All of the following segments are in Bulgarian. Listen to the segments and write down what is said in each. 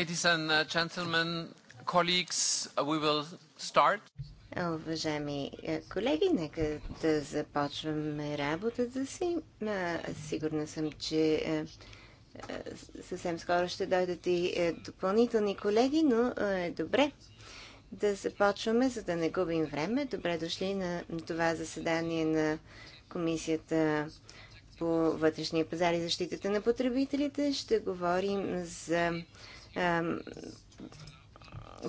Ladies and uh, gentlemen, colleagues, uh, we will start. Е, уважаеми е, колеги, нека да започваме работата си. Е, сигурна съм, че съвсем скоро ще дойдат и допълнителни колеги, но е добре да започваме, за да не губим време. Добре дошли на това заседание на Комисията по вътрешния пазар и защитата на потребителите. Ще говорим за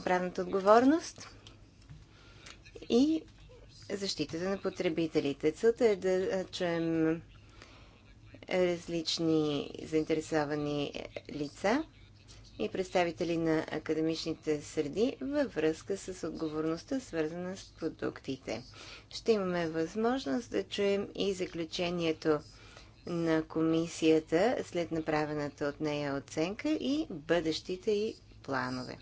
правната отговорност и защитата на потребителите. Целта е да чуем различни заинтересовани лица и представители на академичните среди във връзка с отговорността, свързана с продуктите. Ще имаме възможност да чуем и заключението на комисията след направената от нея оценка и бъдещите и планове.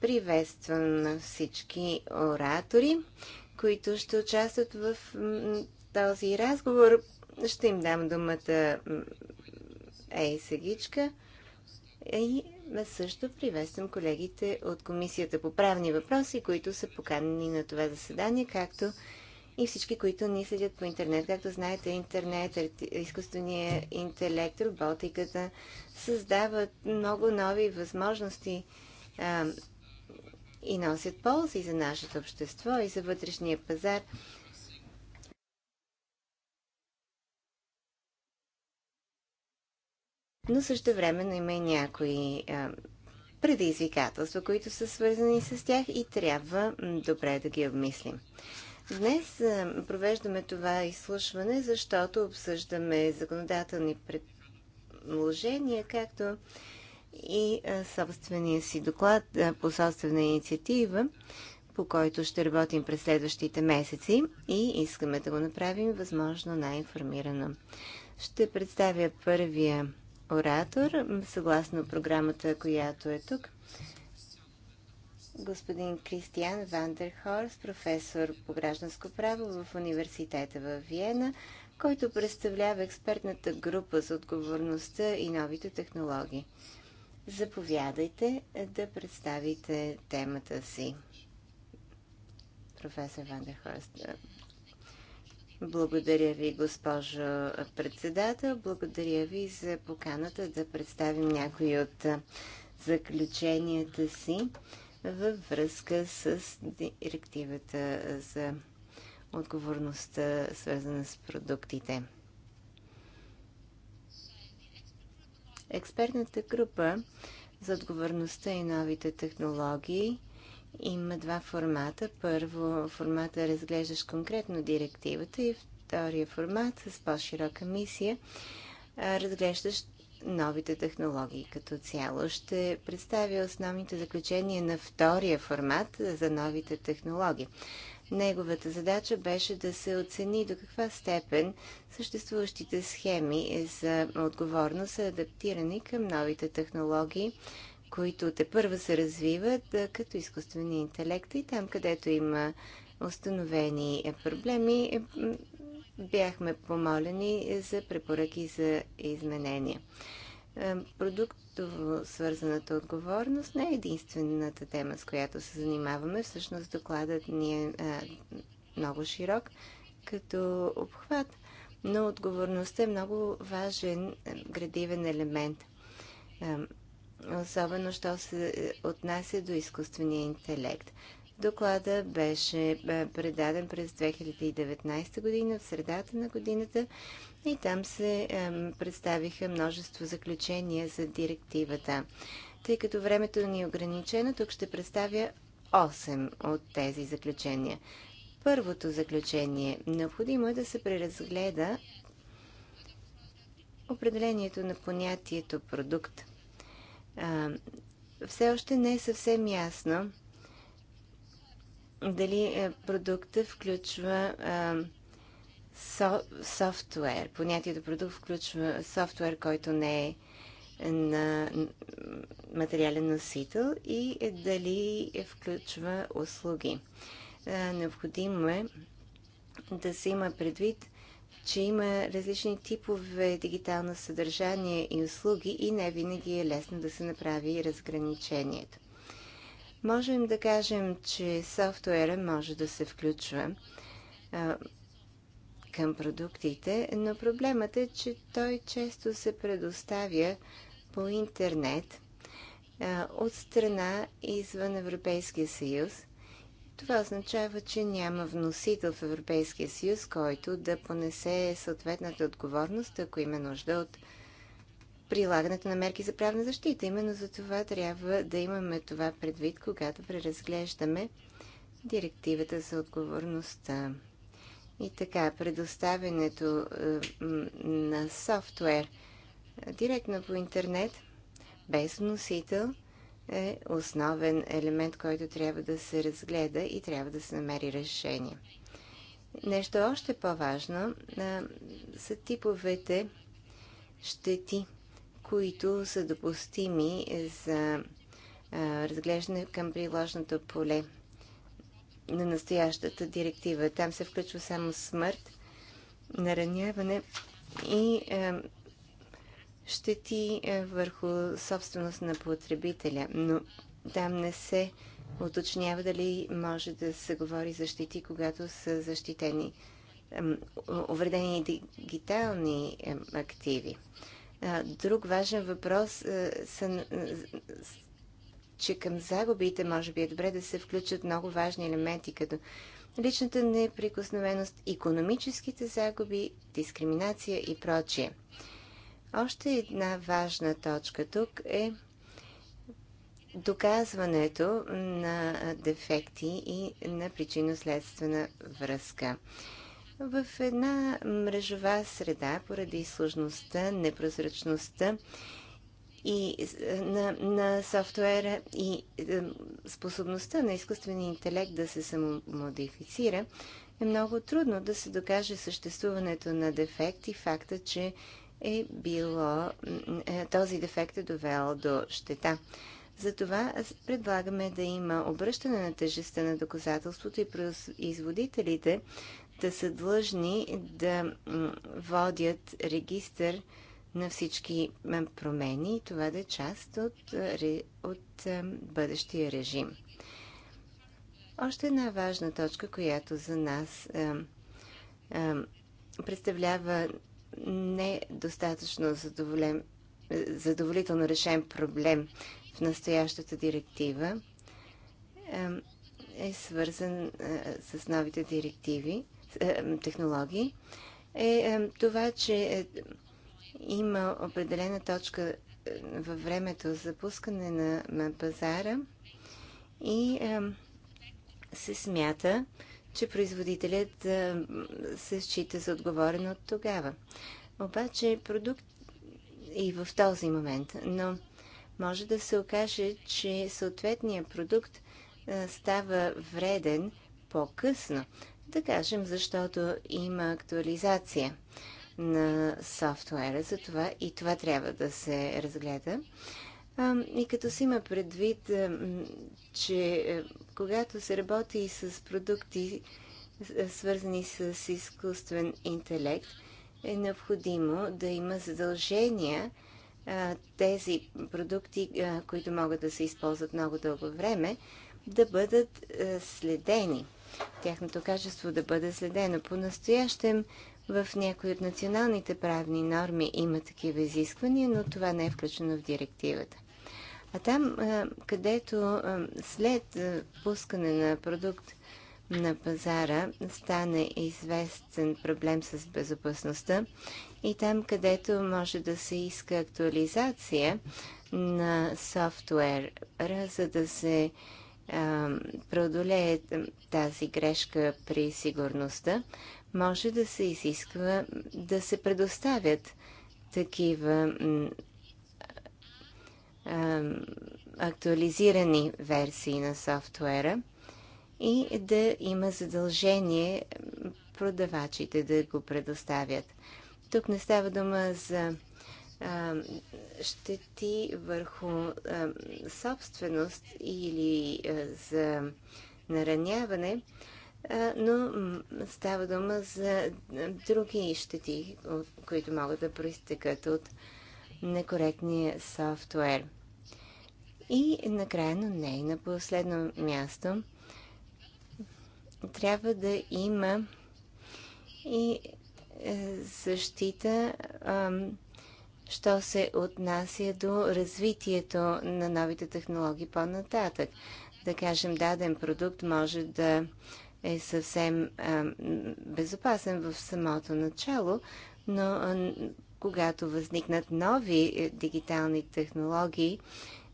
Приветствам на всички оратори, които ще участват в този разговор. Ще им дам думата Ей Сегичка. И също приветствам колегите от Комисията по правни въпроси, които са поканени на това заседание, както и всички, които ни следят по интернет. Както знаете, интернет, изкуственият интелект, роботиката създават много нови възможности а, и носят ползи за нашето общество и за вътрешния пазар. Но също времено има и някои а, предизвикателства, които са свързани с тях и трябва добре да ги обмислим. Днес е, провеждаме това изслушване, защото обсъждаме законодателни предложения, както и е, собствения си доклад е, по собствена инициатива, по който ще работим през следващите месеци и искаме да го направим възможно най-информирано. Ще представя първия оратор, съгласно програмата, която е тук господин Кристиан Вандерхорс, професор по гражданско право в университета в Виена, който представлява експертната група за отговорността и новите технологии. Заповядайте да представите темата си. Професор Вандерхорст. Благодаря ви, госпожо председател. Благодаря ви за поканата да представим някои от заключенията си във връзка с директивата за отговорността, свързана с продуктите. Експертната група за отговорността и новите технологии има два формата. Първо, формата разглеждаш конкретно директивата и втория формат с по-широка мисия разглеждащ новите технологии като цяло. Ще представя основните заключения на втория формат за новите технологии. Неговата задача беше да се оцени до каква степен съществуващите схеми за отговорност са адаптирани към новите технологии, които те първа се развиват като изкуствения интелект и там, където има установени проблеми, бяхме помолени за препоръки за изменения. Е, продуктово свързаната отговорност не е единствената тема, с която се занимаваме. Всъщност докладът ни е, е много широк като обхват, но отговорността е много важен е, градивен елемент. Особено, що се отнася до изкуствения интелект. Доклада беше предаден през 2019 година, в средата на годината, и там се представиха множество заключения за директивата. Тъй като времето ни е ограничено, тук ще представя 8 от тези заключения. Първото заключение. Необходимо е да се преразгледа определението на понятието продукт. все още не е съвсем ясно дали е, продукта включва е, софтуер. Понятието продукт включва софтуер, който не е на материален носител и дали включва услуги. Е, необходимо е да се има предвид, че има различни типове дигитално съдържание и услуги и не винаги е лесно да се направи разграничението можем да кажем, че софтуера може да се включва а, към продуктите, но проблемът е, че той често се предоставя по интернет а, от страна извън Европейския съюз. Това означава, че няма вносител в Европейския съюз, който да понесе съответната отговорност, ако има нужда от прилагането на мерки за правна защита. Именно за това трябва да имаме това предвид, когато преразглеждаме директивата за отговорността. И така, предоставянето е, на софтуер е, директно по интернет, без носител, е основен елемент, който трябва да се разгледа и трябва да се намери решение. Нещо още по-важно са е, типовете щети които са допустими за разглеждане към приложното поле на настоящата директива. Там се включва само смърт, нараняване и щети върху собственост на потребителя. Но там не се уточнява дали може да се говори за щети, когато са защитени, увредени дигитални активи. Друг важен въпрос са, че към загубите може би е добре да се включат много важни елементи, като личната неприкосновеност, економическите загуби, дискриминация и прочие. Още една важна точка тук е доказването на дефекти и на причинно-следствена връзка в една мрежова среда поради сложността, непрозрачността и е, на, на софтуера и е, способността на изкуствения интелект да се самомодифицира, е много трудно да се докаже съществуването на дефект и факта, че е било, е, този дефект е довел до щета. Затова предлагаме да има обръщане на тежестта на доказателството и производителите да са длъжни да водят регистър на всички промени и това да е част от, е, от е, бъдещия режим. Още една важна точка, която за нас е, е, представлява недостатъчно задоволен, е, задоволително решен проблем в настоящата директива, е, е свързан е, с новите директиви е, технологии, е, е това, че е, има определена точка във времето за пускане на пазара и се смята, че производителят се счита за отговорен от тогава. Обаче продукт и в този момент, но може да се окаже, че съответният продукт става вреден по-късно. Да кажем, защото има актуализация на софтуера, затова и това трябва да се разгледа. И като си има предвид, че когато се работи с продукти, свързани с изкуствен интелект, е необходимо да има задължения тези продукти, които могат да се използват много дълго време, да бъдат следени тяхното качество да бъде следено. По-настоящем в някои от националните правни норми има такива изисквания, но това не е включено в директивата. А там, където след пускане на продукт на пазара стане известен проблем с безопасността и там, където може да се иска актуализация на софтуера, за да се преодолее тази грешка при сигурността, може да се изисква да се предоставят такива актуализирани версии на софтуера и да има задължение продавачите да го предоставят. Тук не става дума за щети върху собственост или за нараняване, но става дума за други щети, които могат да проистекат от некоректния софтуер. И накрая, но не и на последно място, трябва да има и защита що се отнася до развитието на новите технологии по-нататък. Да кажем, даден продукт може да е съвсем а, безопасен в самото начало, но а, когато възникнат нови е, дигитални технологии,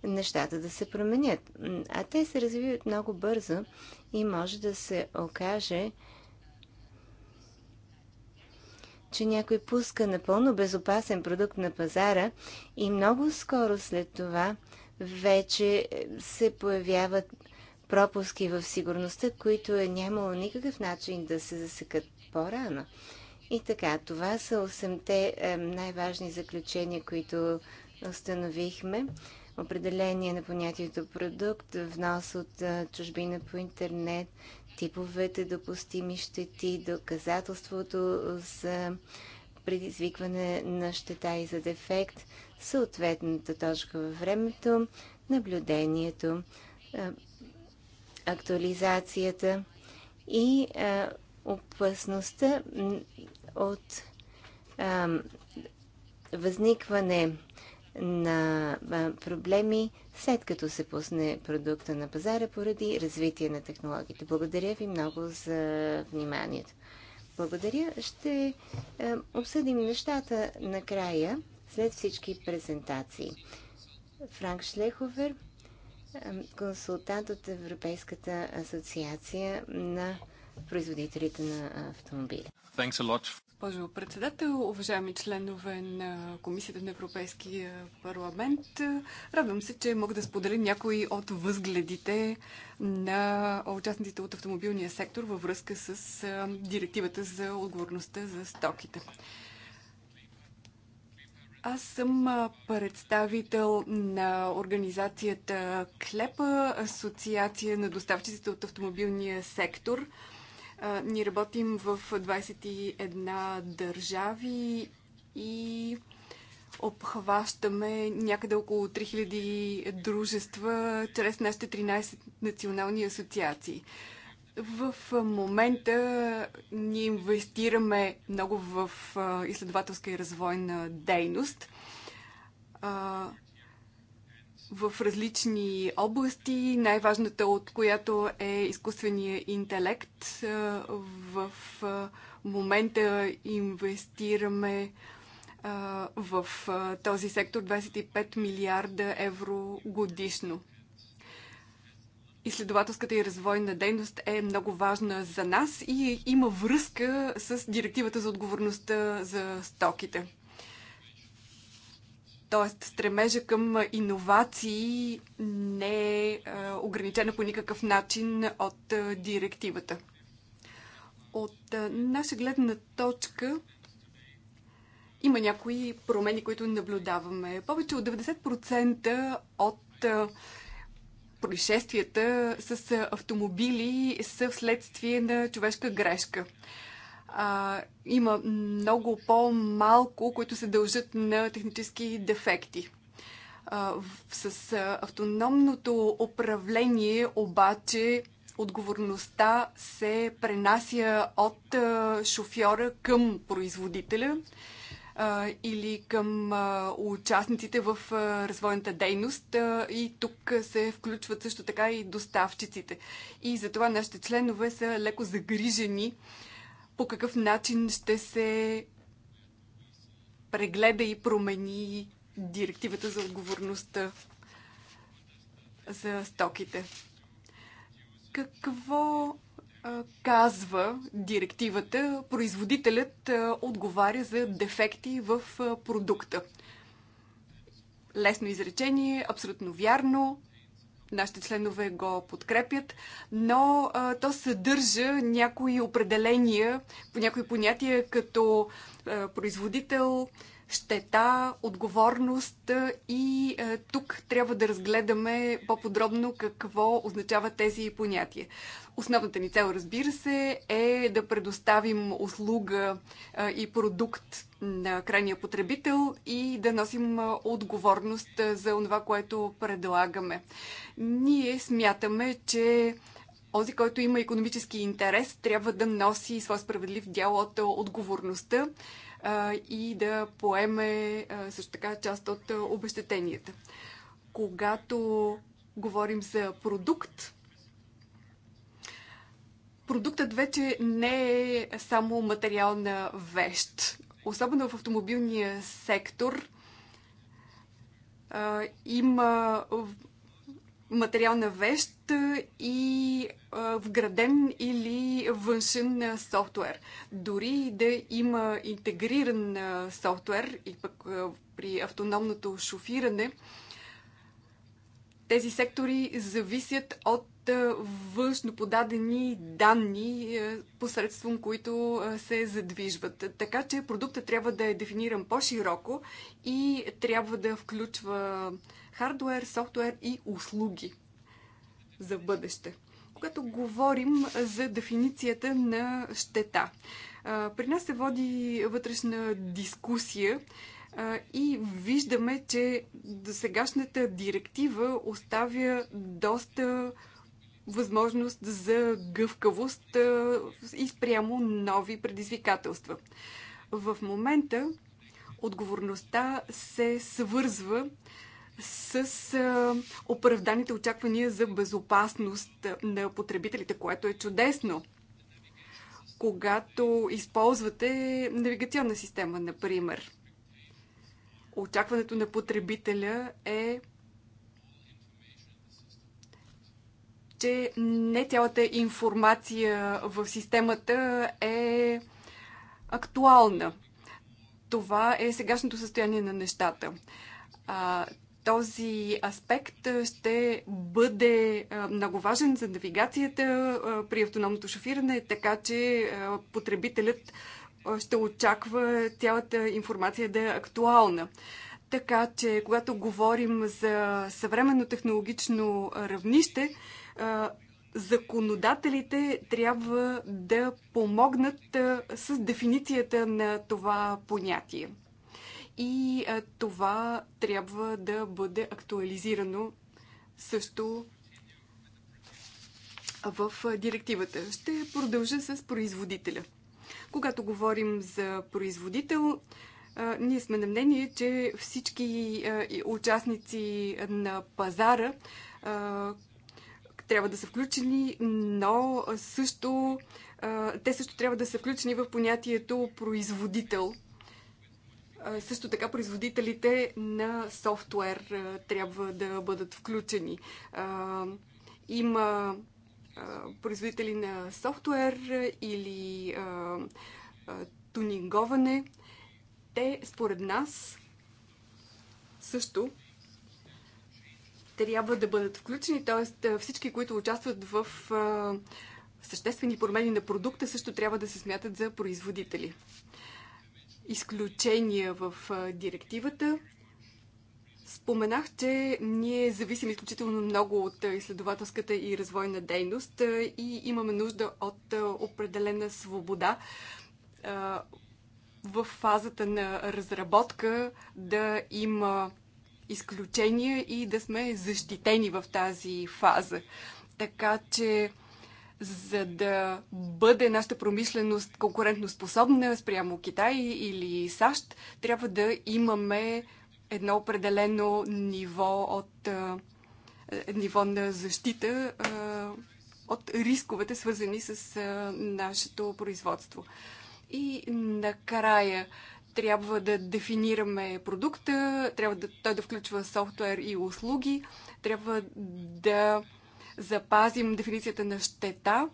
нещата да се променят. А те се развиват много бързо и може да се окаже, че някой пуска напълно безопасен продукт на пазара и много скоро след това вече се появяват пропуски в сигурността, които е нямало никакъв начин да се засекат по-рано. И така, това са 8-те е, най-важни заключения, които установихме. Определение на понятието продукт, внос от е, чужбина по интернет, типовете допустими щети, доказателството за предизвикване на щета и за дефект, съответната точка във времето, наблюдението, актуализацията и опасността от възникване на проблеми, след като се пусне продукта на пазара поради развитие на технологиите. Благодаря ви много за вниманието. Благодаря. Ще обсъдим нещата накрая, след всички презентации. Франк Шлеховер, консултант от Европейската асоциация на производителите на автомобили госпожо председател, уважаеми членове на Комисията на Европейския парламент. Радвам се, че мога да споделя някои от възгледите на участниците от автомобилния сектор във връзка с директивата за отговорността за стоките. Аз съм представител на организацията КЛЕПА, Асоциация на доставчиците от автомобилния сектор – ние работим в 21 държави и обхващаме някъде около 3000 дружества чрез нашите 13 национални асоциации. В момента ние инвестираме много в изследователска и развойна дейност в различни области, най-важната от която е изкуственият интелект. Е, в е, момента инвестираме е, в този сектор 25 милиарда евро годишно. Изследователската и развойна дейност е много важна за нас и има връзка с директивата за отговорността за стоките. Т.е. стремежа към иновации не е ограничена по никакъв начин от директивата. От наша гледна точка има някои промени, които наблюдаваме. Повече от 90% от происшествията с автомобили са вследствие на човешка грешка а, има много по-малко, които се дължат на технически дефекти. А, с автономното управление обаче отговорността се пренася от а, шофьора към производителя а, или към а, участниците в а, развойната дейност а, и тук се включват също така и доставчиците. И затова нашите членове са леко загрижени по какъв начин ще се прегледа и промени директивата за отговорността за стоките. Какво казва директивата? Производителят отговаря за дефекти в продукта. Лесно изречение, абсолютно вярно, Нашите членове го подкрепят, но а, то съдържа някои определения, по някои понятия като а, производител, щета, отговорност и а, тук трябва да разгледаме по-подробно какво означават тези понятия. Основната ни цел, разбира се, е да предоставим услуга и продукт на крайния потребител и да носим отговорност за това, което предлагаме. Ние смятаме, че този, който има економически интерес, трябва да носи своя справедлив дял от отговорността и да поеме също така част от обещетенията. Когато говорим за продукт, продуктът вече не е само материална вещ. Особено в автомобилния сектор а, има материална вещ и а, вграден или външен софтуер. Дори да има интегриран софтуер и пък а, при автономното шофиране, тези сектори зависят от външно подадени данни, е, посредством които е, се задвижват. Така че продукта трябва да е дефиниран по-широко и трябва да включва хардуер, софтуер и услуги за бъдеще. Когато говорим за дефиницията на щета, е, при нас се води вътрешна дискусия и виждаме, че сегашната директива оставя доста възможност за гъвкавост и спрямо нови предизвикателства. В момента отговорността се свързва с оправданите очаквания за безопасност на потребителите, което е чудесно. Когато използвате навигационна система, например, очакването на потребителя е че не цялата информация в системата е актуална. Това е сегашното състояние на нещата. А, този аспект ще бъде много важен за навигацията при автономното шофиране, така че потребителят ще очаква цялата информация да е актуална. Така че, когато говорим за съвременно технологично равнище, законодателите трябва да помогнат с дефиницията на това понятие. И това трябва да бъде актуализирано също в директивата. Ще продължа с производителя. Когато говорим за производител, ние сме на мнение, че всички участници на пазара, трябва да са включени, но също те също трябва да са включени в понятието производител. Също така производителите на софтуер трябва да бъдат включени. Има производители на софтуер или тунинговане. Те, според нас, също трябва да бъдат включени, т.е. всички, които участват в съществени промени на продукта, също трябва да се смятат за производители. Изключения в директивата. Споменах, че ние зависим изключително много от изследователската и развойна дейност и имаме нужда от определена свобода в фазата на разработка да има изключения и да сме защитени в тази фаза. Така че, за да бъде нашата промишленост конкурентоспособна спрямо Китай или САЩ, трябва да имаме едно определено ниво от ниво на защита от рисковете, свързани с нашето производство. И накрая, трябва да дефинираме продукта, трябва да, той да включва софтуер и услуги, трябва да запазим дефиницията на щета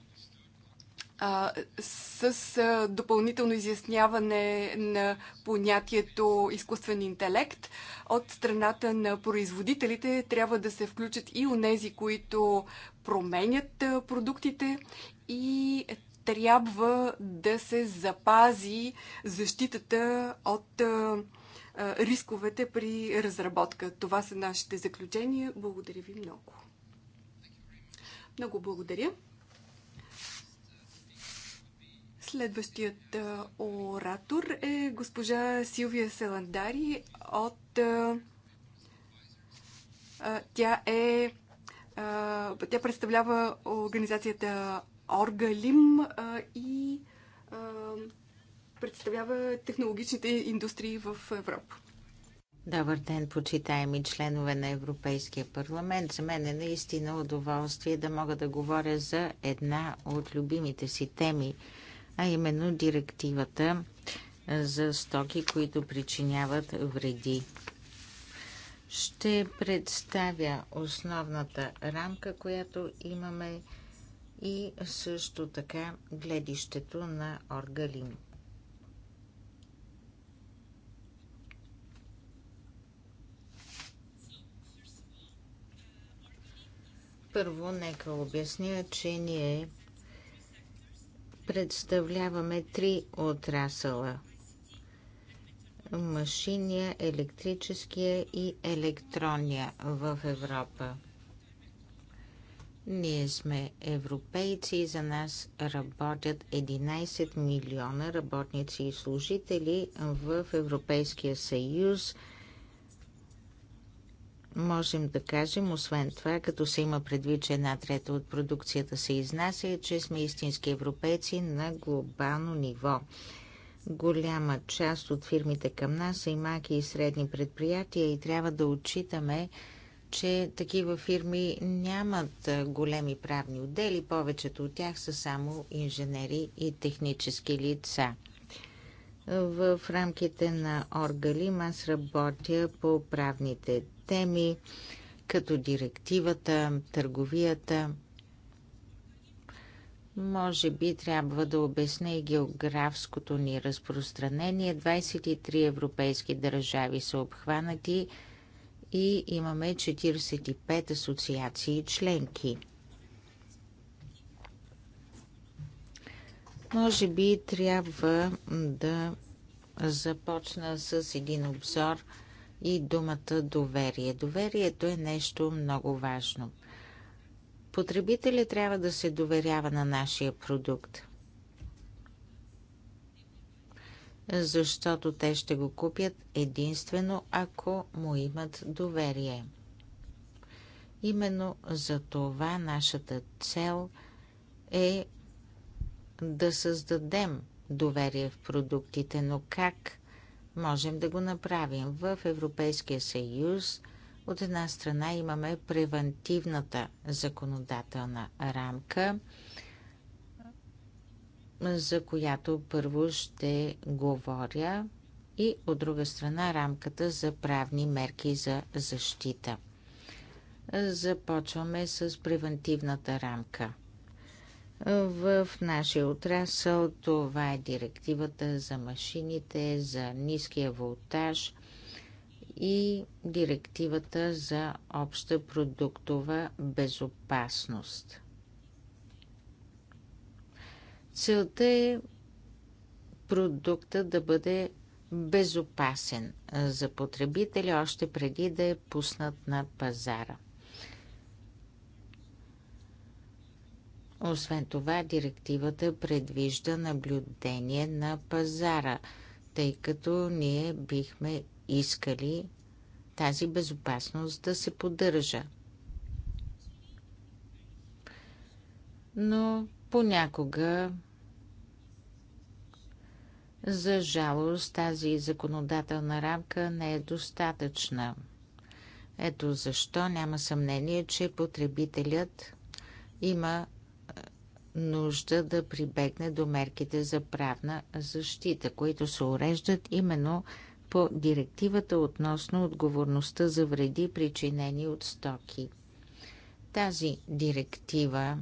а, с а, допълнително изясняване на понятието изкуствен интелект. От страната на производителите трябва да се включат и у нези, които променят продуктите и трябва да се запази защитата от рисковете при разработка. Това са нашите заключения. Благодаря ви много. Много благодаря. Следващият оратор е госпожа Силвия Селандари от... Тя е... Тя представлява организацията Оргалим и представлява технологичните индустрии в Европа. Добър ден, почитаеми членове на Европейския парламент. За мен е наистина удоволствие да мога да говоря за една от любимите си теми, а именно директивата за стоки, които причиняват вреди. Ще представя основната рамка, която имаме и също така гледището на Оргалин. Първо, нека обясня, че ние представляваме три отрасъла машиния, електрическия и електронния в Европа. Ние сме европейци и за нас работят 11 милиона работници и служители в Европейския съюз. Можем да кажем, освен това, като се има предвид, че една трета от продукцията се изнася, че сме истински европейци на глобално ниво. Голяма част от фирмите към нас са и маки и средни предприятия и трябва да отчитаме, че такива фирми нямат големи правни отдели, повечето от тях са само инженери и технически лица. В рамките на Оргалим аз работя по правните теми, като директивата, търговията. Може би трябва да обясня и географското ни разпространение. 23 европейски държави са обхванати – и имаме 45 асоциации членки. Може би трябва да започна с един обзор и думата доверие. Доверието е нещо много важно. Потребителя трябва да се доверява на нашия продукт. защото те ще го купят единствено ако му имат доверие. Именно за това нашата цел е да създадем доверие в продуктите, но как можем да го направим? В Европейския съюз от една страна имаме превентивната законодателна рамка, за която първо ще говоря, и от друга страна рамката за правни мерки за защита. Започваме с превентивната рамка. В нашия отрасъл това е директивата за машините, за ниския волтаж и директивата за обща продуктова безопасност. Целта е продукта да бъде безопасен за потребителя още преди да е пуснат на пазара. Освен това, директивата предвижда наблюдение на пазара, тъй като ние бихме искали тази безопасност да се поддържа. Но понякога за жалост тази законодателна рамка не е достатъчна. Ето защо няма съмнение, че потребителят има е, нужда да прибегне до мерките за правна защита, които се уреждат именно по директивата относно отговорността за вреди, причинени от стоки. Тази директива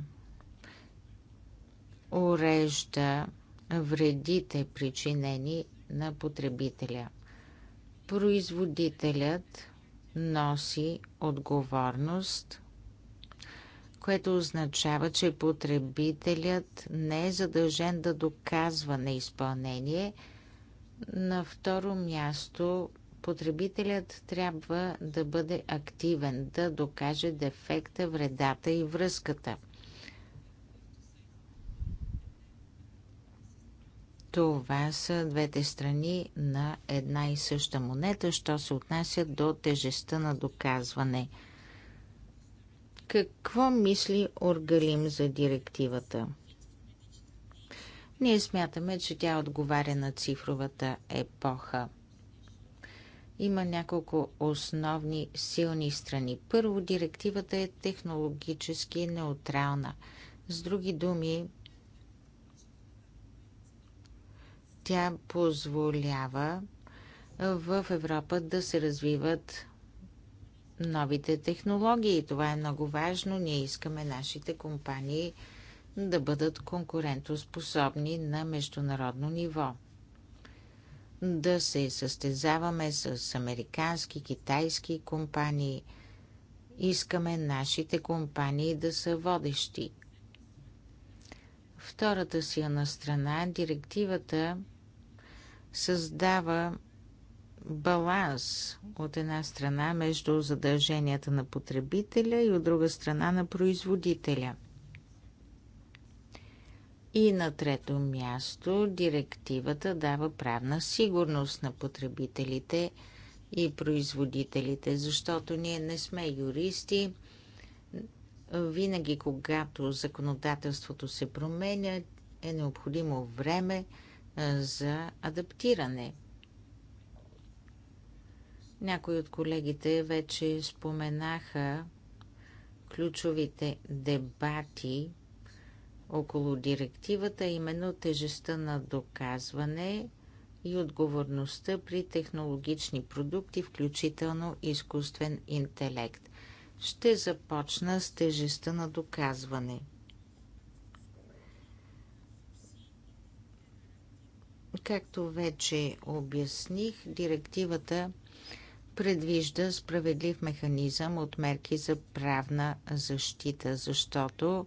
урежда вредите, причинени на потребителя. Производителят носи отговорност, което означава, че потребителят не е задължен да доказва неизпълнение. На второ място, потребителят трябва да бъде активен, да докаже дефекта, вредата и връзката. Това са двете страни на една и съща монета, що се отнася до тежестта на доказване. Какво мисли Оргалим за директивата? Ние смятаме, че тя отговаря на цифровата епоха. Има няколко основни силни страни. Първо, директивата е технологически неутрална. С други думи, Тя позволява в Европа да се развиват новите технологии. Това е много важно. Ние искаме нашите компании да бъдат конкурентоспособни на международно ниво. Да се състезаваме с американски, китайски компании. Искаме нашите компании да са водещи. Втората си на страна е директивата създава баланс от една страна между задълженията на потребителя и от друга страна на производителя. И на трето място директивата дава правна сигурност на потребителите и производителите, защото ние не сме юристи. Винаги, когато законодателството се променя, е необходимо време – за адаптиране. Някои от колегите вече споменаха ключовите дебати около директивата, именно тежестта на доказване и отговорността при технологични продукти, включително изкуствен интелект. Ще започна с тежестта на доказване – Както вече обясних, директивата предвижда справедлив механизъм от мерки за правна защита, защото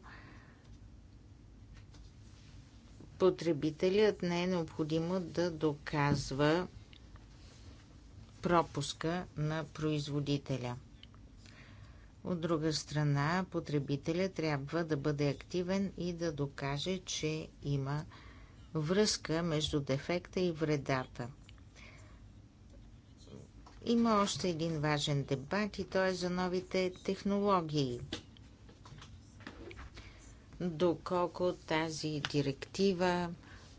потребителят не е необходимо да доказва пропуска на производителя. От друга страна, потребителя трябва да бъде активен и да докаже, че има връзка между дефекта и вредата. Има още един важен дебат и той е за новите технологии. Доколко тази директива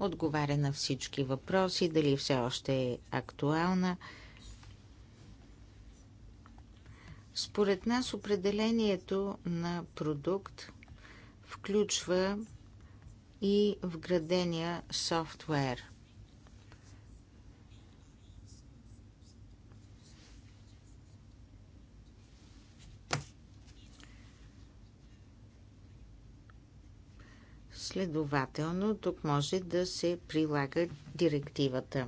отговаря на всички въпроси, дали все още е актуална. Според нас определението на продукт включва и вградения софтуер. Следователно, тук може да се прилага директивата.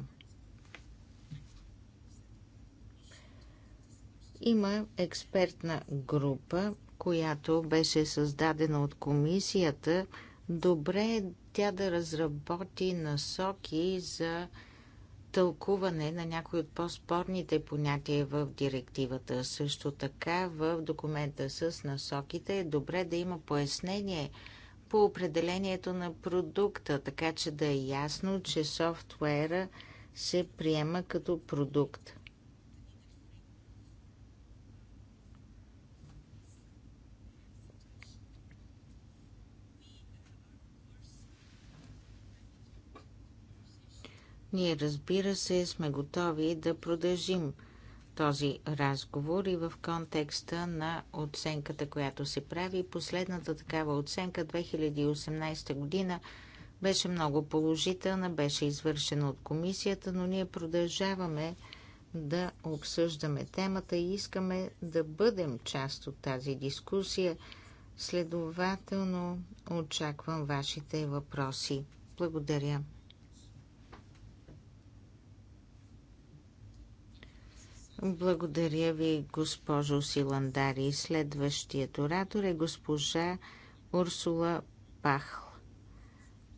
Има експертна група, която беше създадена от комисията, добре е тя да разработи насоки за тълкуване на някои от по-спорните понятия в директивата. Също така в документа с насоките е добре да има пояснение по определението на продукта, така че да е ясно, че софтуера се приема като продукт. Ние, разбира се, сме готови да продължим този разговор и в контекста на оценката, която се прави. Последната такава оценка 2018 година беше много положителна, беше извършена от комисията, но ние продължаваме да обсъждаме темата и искаме да бъдем част от тази дискусия. Следователно очаквам вашите въпроси. Благодаря. Благодаря ви, госпожо Силандари. Следващият оратор е госпожа Урсула Пахл,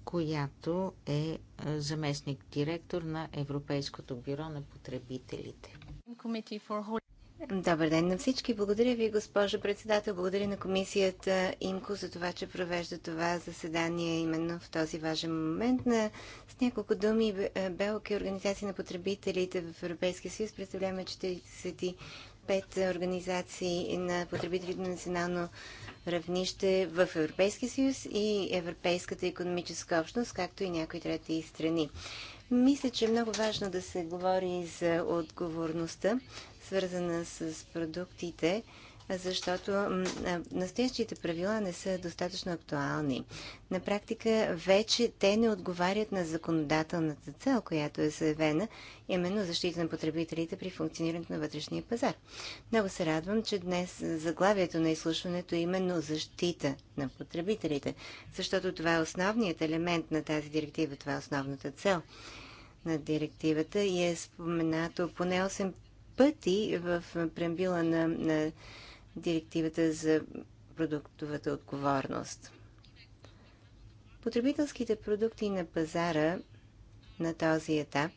която е заместник-директор на Европейското бюро на потребителите. Добър ден на всички. Благодаря ви, госпожо председател. Благодаря на комисията ИМКО за това, че провежда това заседание именно в този важен момент. На, с няколко думи, е, Белки е организация на потребителите в Европейския съюз. Представляваме 45 организации на потребителите на национално равнище в Европейския съюз и Европейската економическа общност, както и някои трети страни. Мисля, че е много важно да се говори за отговорността, свързана с продуктите, защото настоящите правила не са достатъчно актуални. На практика вече те не отговарят на законодателната цел, която е заявена, именно защита на потребителите при функционирането на вътрешния пазар. Много се радвам, че днес заглавието на изслушването е именно защита на потребителите, защото това е основният елемент на тази директива, това е основната цел на директивата и е споменато поне 8 пъти в прембила на, на директивата за продуктовата отговорност. Потребителските продукти на пазара на този етап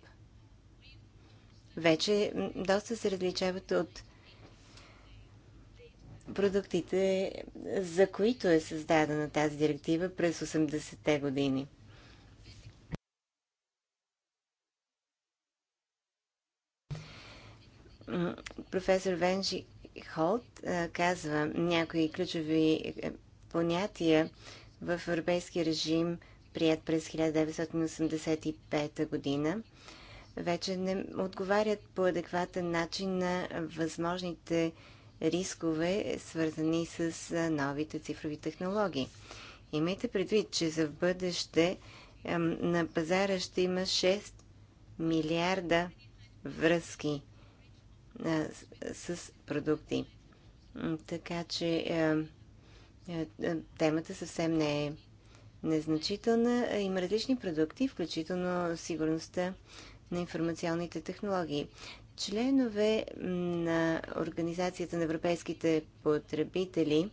вече доста се различават от продуктите, за които е създадена тази директива през 80-те години. професор Венжи Холт казва някои ключови е, понятия в европейски режим, прият през 1985 година, вече не отговарят по адекватен начин на възможните рискове, свързани с новите цифрови технологии. Имайте предвид, че за в бъдеще на пазара ще има 6 милиарда връзки с продукти. Така че темата съвсем не е незначителна. Има различни продукти, включително сигурността на информационните технологии. Членове на Организацията на европейските потребители,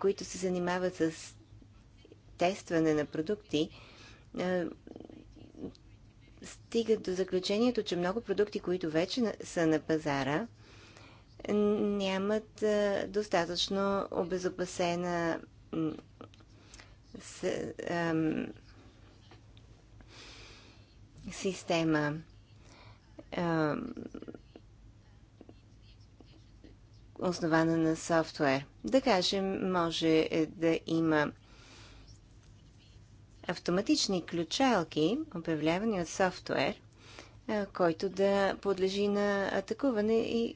които се занимават с тестване на продукти, стигат до заключението, че много продукти, които вече са на пазара, нямат достатъчно обезопасена система. Основана на софтуер. Да кажем, може е, да има автоматични ключалки, обявлявани от софтуер, който да подлежи на атакуване и е,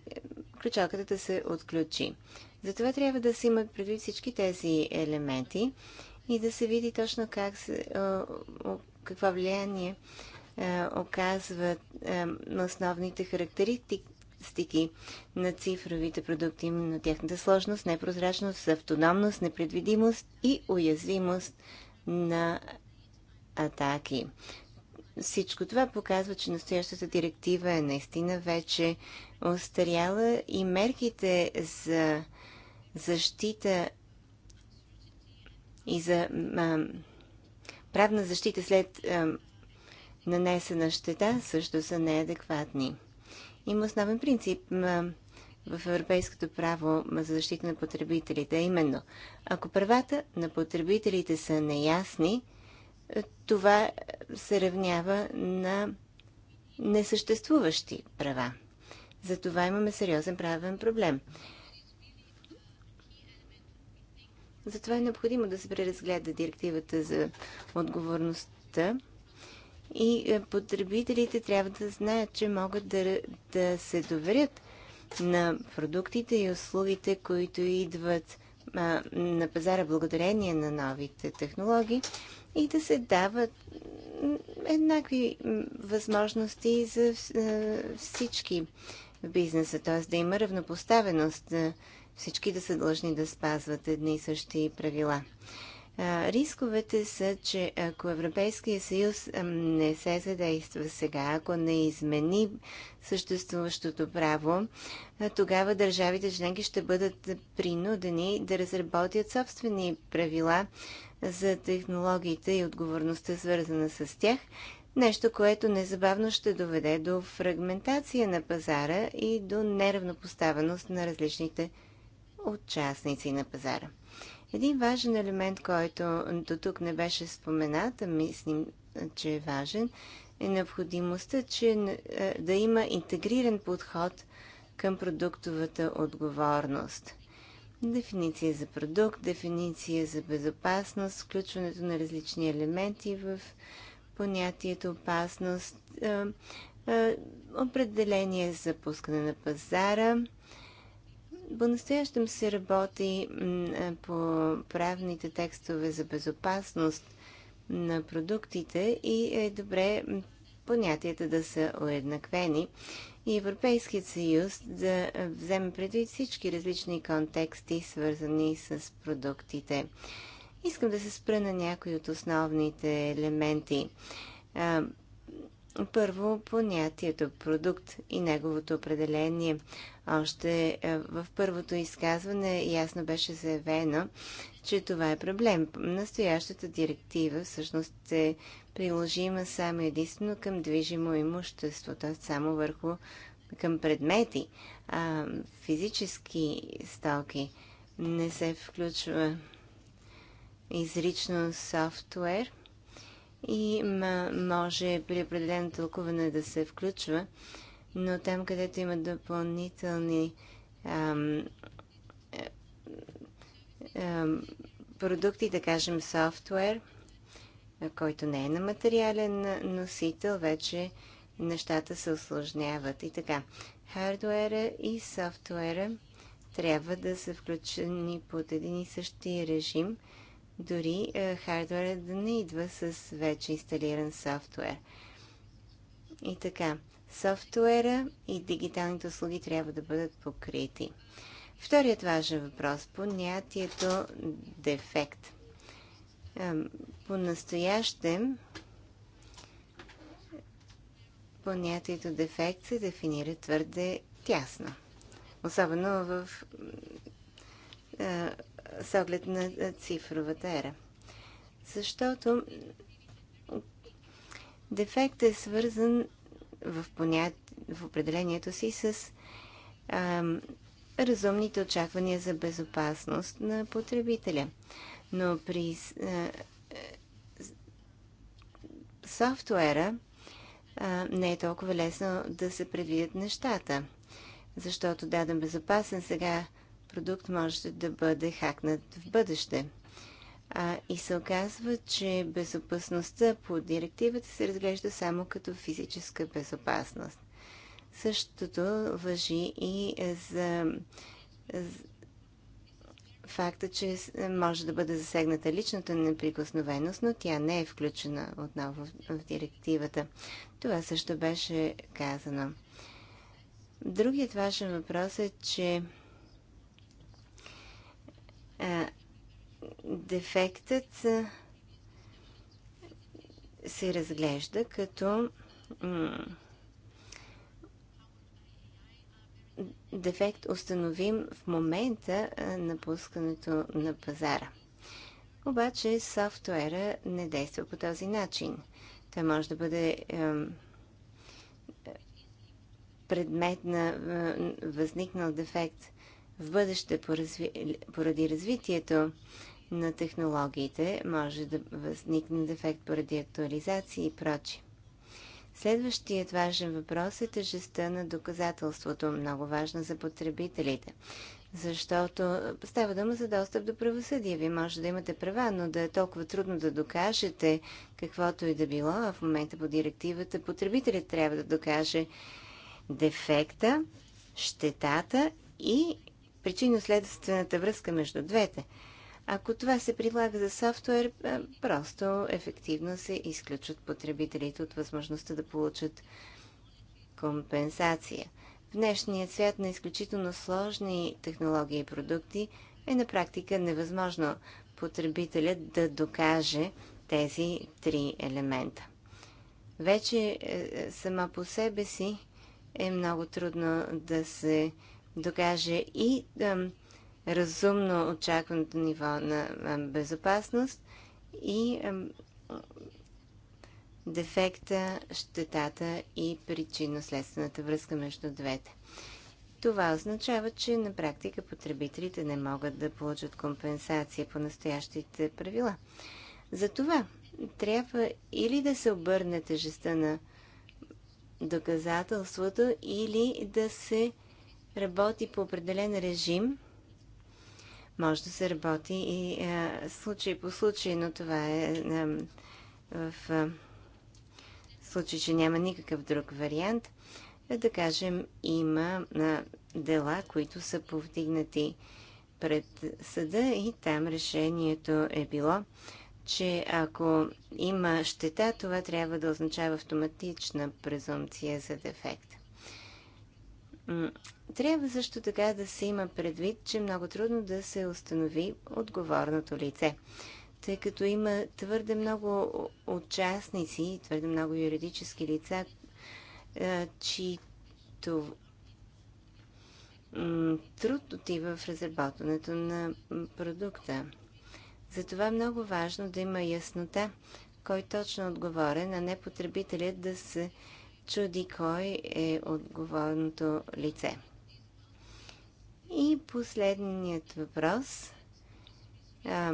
ключалката да се отключи. Затова трябва да се имат предвид всички тези елементи и да се види точно как се, какво влияние е, оказват е, основните характеристики на цифровите продукти, именно тяхната сложност, непрозрачност, автономност, непредвидимост и уязвимост на атаки. Всичко това показва, че настоящата директива е наистина вече остаряла и мерките за защита и за а, правна защита след а, нанесена щета също са неадекватни. Има основен принцип. А, в европейското право за защита на потребителите. Именно, ако правата на потребителите са неясни, е, това се равнява на несъществуващи права. Затова имаме сериозен правен проблем. Затова е необходимо да се преразгледа директивата за отговорността и е, потребителите трябва да знаят, че могат да, да се доверят на продуктите и услугите, които идват на пазара благодарение на новите технологии и да се дават еднакви възможности за всички в бизнеса, т.е. да има равнопоставеност, всички да са длъжни да спазват едни и същи правила. Рисковете са, че ако Европейския съюз не се задейства сега, ако не измени съществуващото право, тогава държавите членки ще бъдат принудени да разработят собствени правила за технологиите и отговорността, свързана с тях, нещо, което незабавно ще доведе до фрагментация на пазара и до неравнопоставеност на различните участници на пазара. Един важен елемент, който до тук не беше споменат, а мислим, че е важен, е необходимостта че, е, да има интегриран подход към продуктовата отговорност. Дефиниция за продукт, дефиниция за безопасност, включването на различни елементи в понятието опасност, е, е, определение за пускане на пазара – по-настоящем се работи е, по правните текстове за безопасност на продуктите и е добре понятията да са уеднаквени и Европейският съюз да е, вземе предвид всички различни контексти, свързани с продуктите. Искам да се спра на някои от основните елементи. Е, първо, понятието продукт и неговото определение. Още е, в първото изказване ясно беше заявено, че това е проблем. Настоящата директива всъщност е приложима само единствено към движимо имущество, т.е. само върху към предмети, а физически стоки не се включва изрично софтуер и може при определено тълкуване да се включва, но там, където има допълнителни ам, е, е, ам, продукти, да кажем софтуер, който не е на материален носител, вече нещата се осложняват. И така, хардуера и софтуера трябва да са включени под един и същи режим – дори е, хардвера да не идва с вече инсталиран софтуер. И така, софтуера и дигиталните услуги трябва да бъдат покрити. Вторият важен въпрос – понятието дефект. Е, по-настоящем понятието дефект се дефинира твърде тясно. Особено в е, с оглед на цифровата ера. Защото дефектът е свързан в, понят... в определението си с ам, разумните очаквания за безопасност на потребителя. Но при а, софтуера а, не е толкова лесно да се предвидят нещата, защото даден безопасен сега продукт може да бъде хакнат в бъдеще. А, и се оказва, че безопасността по директивата се разглежда само като физическа безопасност. Същото въжи и за, за факта, че може да бъде засегната личната неприкосновеност, но тя не е включена отново в, в директивата. Това също беше казано. Другият важен въпрос е, че дефектът се разглежда като дефект установим в момента на пускането на пазара. Обаче софтуера не действа по този начин. Той може да бъде предмет на възникнал дефект в бъдеще поради развитието на технологиите, може да възникне дефект поради актуализации и прочи. Следващият важен въпрос е тежестта на доказателството, много важна за потребителите. Защото става дума за достъп до правосъдие. Вие може да имате права, но да е толкова трудно да докажете каквото и да било, а в момента по директивата потребителят трябва да докаже дефекта, щетата и причинно-следствената връзка между двете. Ако това се прилага за софтуер, е, просто ефективно се изключват потребителите от възможността да получат компенсация. В днешния свят на изключително сложни технологии и продукти е на практика невъзможно потребителят да докаже тези три елемента. Вече е, сама по себе си е много трудно да се докаже и да, разумно очакваното ниво на безопасност и дефекта, щетата и причинно-следствената връзка между двете. Това означава, че на практика потребителите не могат да получат компенсация по настоящите правила. Затова трябва или да се обърне тежестта на доказателството, или да се работи по определен режим, може да се работи и а, е, случай по случай, но това е а, е, в а, е, случай, че няма никакъв друг вариант. Да кажем, има а, дела, които са повдигнати пред съда и там решението е било, че ако има щета, това трябва да означава автоматична презумпция за дефект. Трябва също така да се има предвид, че е много трудно да се установи отговорното лице, тъй като има твърде много участници, твърде много юридически лица, е, чието труд отива в разработването на продукта. Затова е много важно да има яснота, кой точно е отговорен, а не потребителят да се чуди кой е отговорното лице. И последният въпрос, а,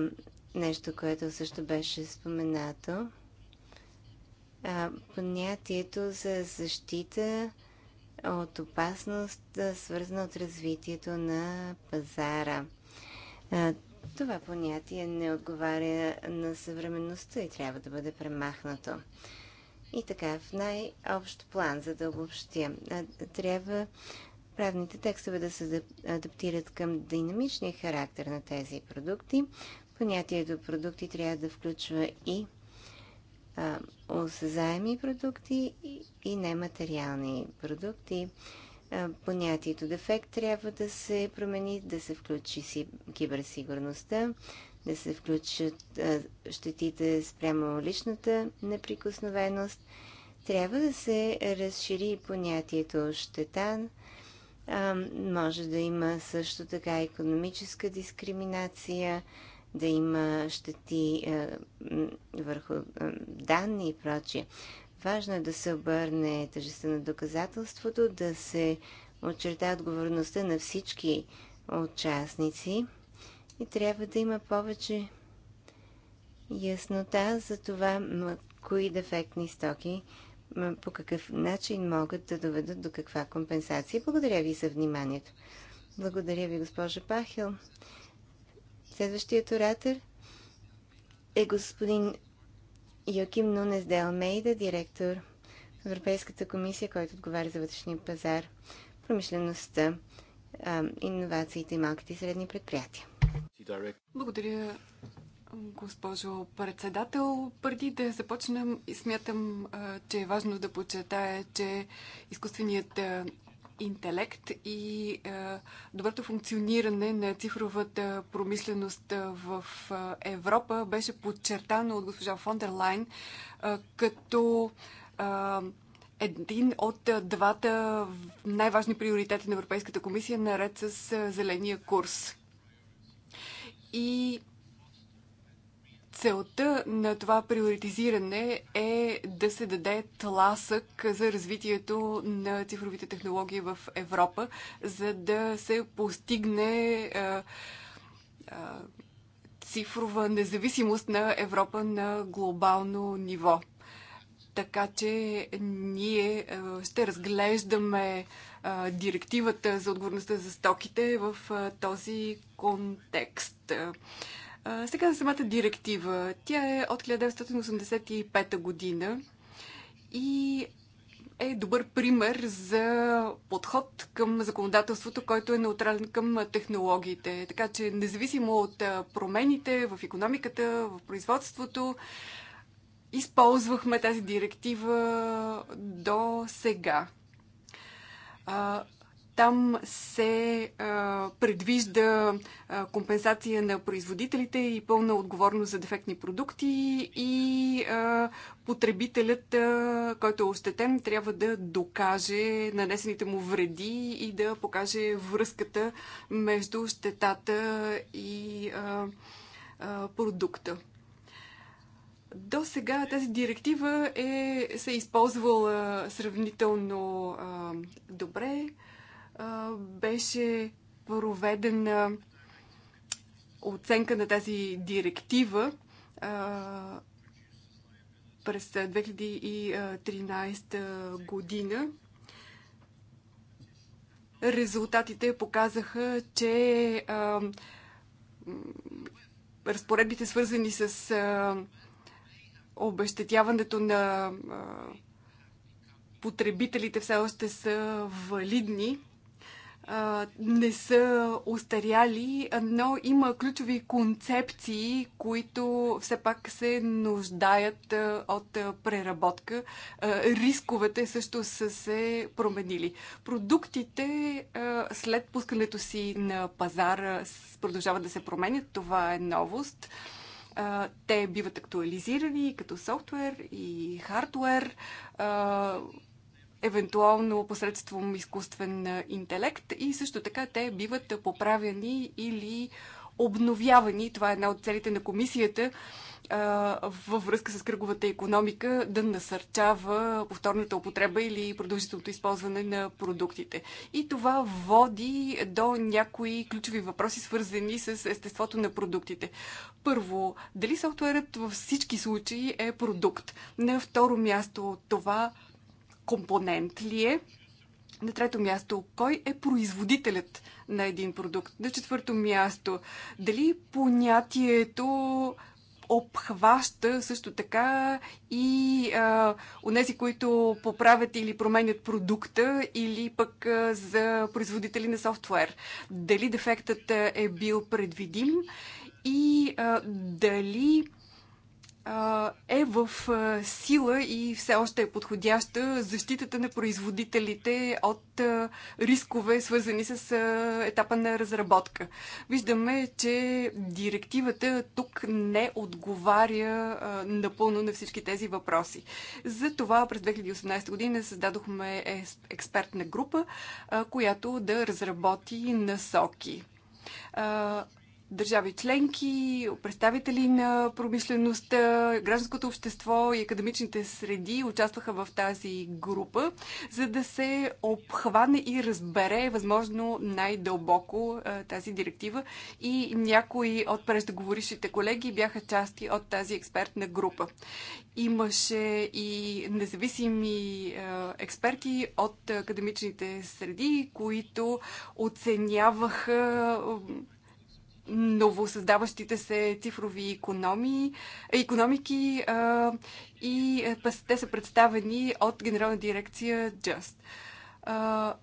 нещо, което също беше споменато, а, понятието за защита от опасност, свързана от развитието на пазара. А, това понятие не отговаря на съвременността и трябва да бъде премахнато. И така, в най-общ план, за да обобщя, трябва правните текстове да се адаптират към динамичния характер на тези продукти. Понятието продукти трябва да включва и а, осъзаеми продукти и, и нематериални продукти. А, понятието дефект трябва да се промени, да се включи си, киберсигурността, да се включат щетите спрямо личната неприкосновеност. Трябва да се разшири понятието щета. може да има също така економическа дискриминация, да има щети върху данни и прочие. Важно е да се обърне тъжеста на доказателството, да се очерта отговорността на всички участници и трябва да има повече яснота за това кои дефектни стоки по какъв начин могат да доведат до каква компенсация. Благодаря ви за вниманието. Благодаря ви, госпожа Пахил. Следващият оратор е господин Йоким Нунес де директор в Европейската комисия, който отговаря за вътрешния пазар, промишлеността, иновациите и малките и средни предприятия. Благодаря, госпожо председател. Преди да започнем, смятам, че е важно да подчертая, че изкуственият интелект и доброто функциониране на цифровата промишленост в Европа беше подчертано от госпожа Фондерлайн като един от двата най-важни приоритети на Европейската комисия, наред с зеления курс. И целта на това приоритизиране е да се даде тласък за развитието на цифровите технологии в Европа, за да се постигне цифрова независимост на Европа на глобално ниво. Така че ние е, ще разглеждаме е, директивата за отговорността за стоките в е, този контекст. Сега за самата директива. Тя е от 1985 година и е добър пример за подход към законодателството, който е неутрален към технологиите. Така че независимо от промените в економиката, в производството, използвахме тази директива до сега. Там се а, предвижда а, компенсация на производителите и пълна отговорност за дефектни продукти и а, потребителят, а, който е ощетен, трябва да докаже нанесените му вреди и да покаже връзката между щетата и а, а, продукта. До сега тази директива е, се е използвала сравнително а, добре. А, беше проведена оценка на тази директива а, през 2013 година. Резултатите показаха, че а, разпоредбите свързани с а, обещетяването на потребителите все още са валидни, не са устаряли, но има ключови концепции, които все пак се нуждаят от преработка. Рисковете също са се променили. Продуктите след пускането си на пазара продължават да се променят. Това е новост те биват актуализирани като софтуер и хардуер, евентуално посредством изкуствен интелект и също така те биват поправени или обновявани. Това е една от целите на комисията във връзка с кръговата економика да насърчава повторната употреба или продължителното използване на продуктите. И това води до някои ключови въпроси, свързани с естеството на продуктите. Първо, дали софтуерът във всички случаи е продукт? На второ място, това компонент ли е? На трето място, кой е производителят на един продукт. На четвърто място, дали понятието обхваща също така и а, които поправят или променят продукта, или пък а, за производители на софтуер. Дали дефектът е бил предвидим и а, дали е в сила и все още е подходяща защитата на производителите от рискове, свързани с етапа на разработка. Виждаме, че директивата тук не отговаря напълно на всички тези въпроси. Затова през 2018 година създадохме е, експертна група, която да разработи насоки държави членки, представители на промишлеността, гражданското общество и академичните среди участваха в тази група, за да се обхване и разбере възможно най-дълбоко тази директива. И някои от преждеговорившите колеги бяха части от тази експертна група. Имаше и независими експерти от академичните среди, които оценяваха новосъздаващите се цифрови економии, економики а, и е, те са представени от Генерална дирекция Just. А,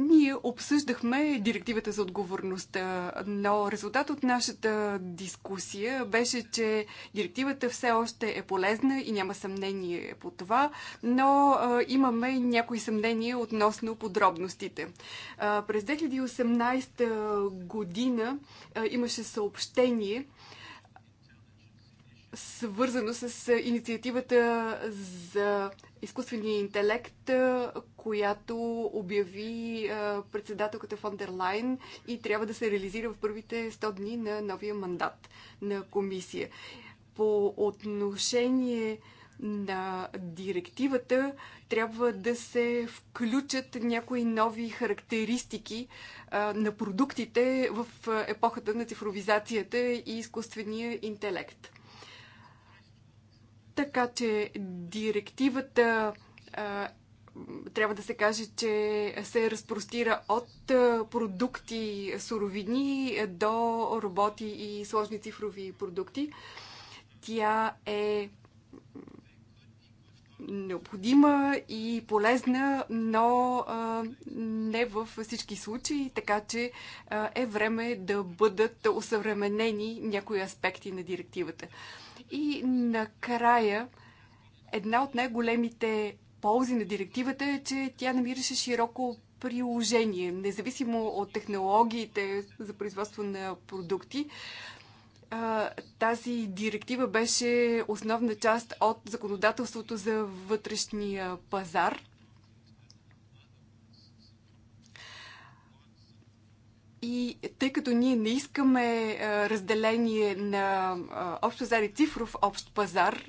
Ние обсъждахме директивата за отговорността, но резултат от нашата дискусия беше, че директивата все още е полезна и няма съмнение по това, но а, имаме някои съмнения относно подробностите. А, през 2018 година а, имаше съобщение, свързано с инициативата за изкуствения интелект, която обяви председателката фон дер Лайн и трябва да се реализира в първите 100 дни на новия мандат на комисия. По отношение на директивата трябва да се включат някои нови характеристики на продуктите в епохата на цифровизацията и изкуствения интелект така че директивата трябва да се каже, че се разпростира от продукти суровини до роботи и сложни цифрови продукти. Тя е необходима и полезна, но не във всички случаи, така че е време да бъдат усъвременени някои аспекти на директивата. И накрая, една от най-големите ползи на директивата е, че тя намираше широко приложение, независимо от технологиите за производство на продукти. Тази директива беше основна част от законодателството за вътрешния пазар. И тъй като ние не искаме разделение на общ пазар и цифров общ пазар,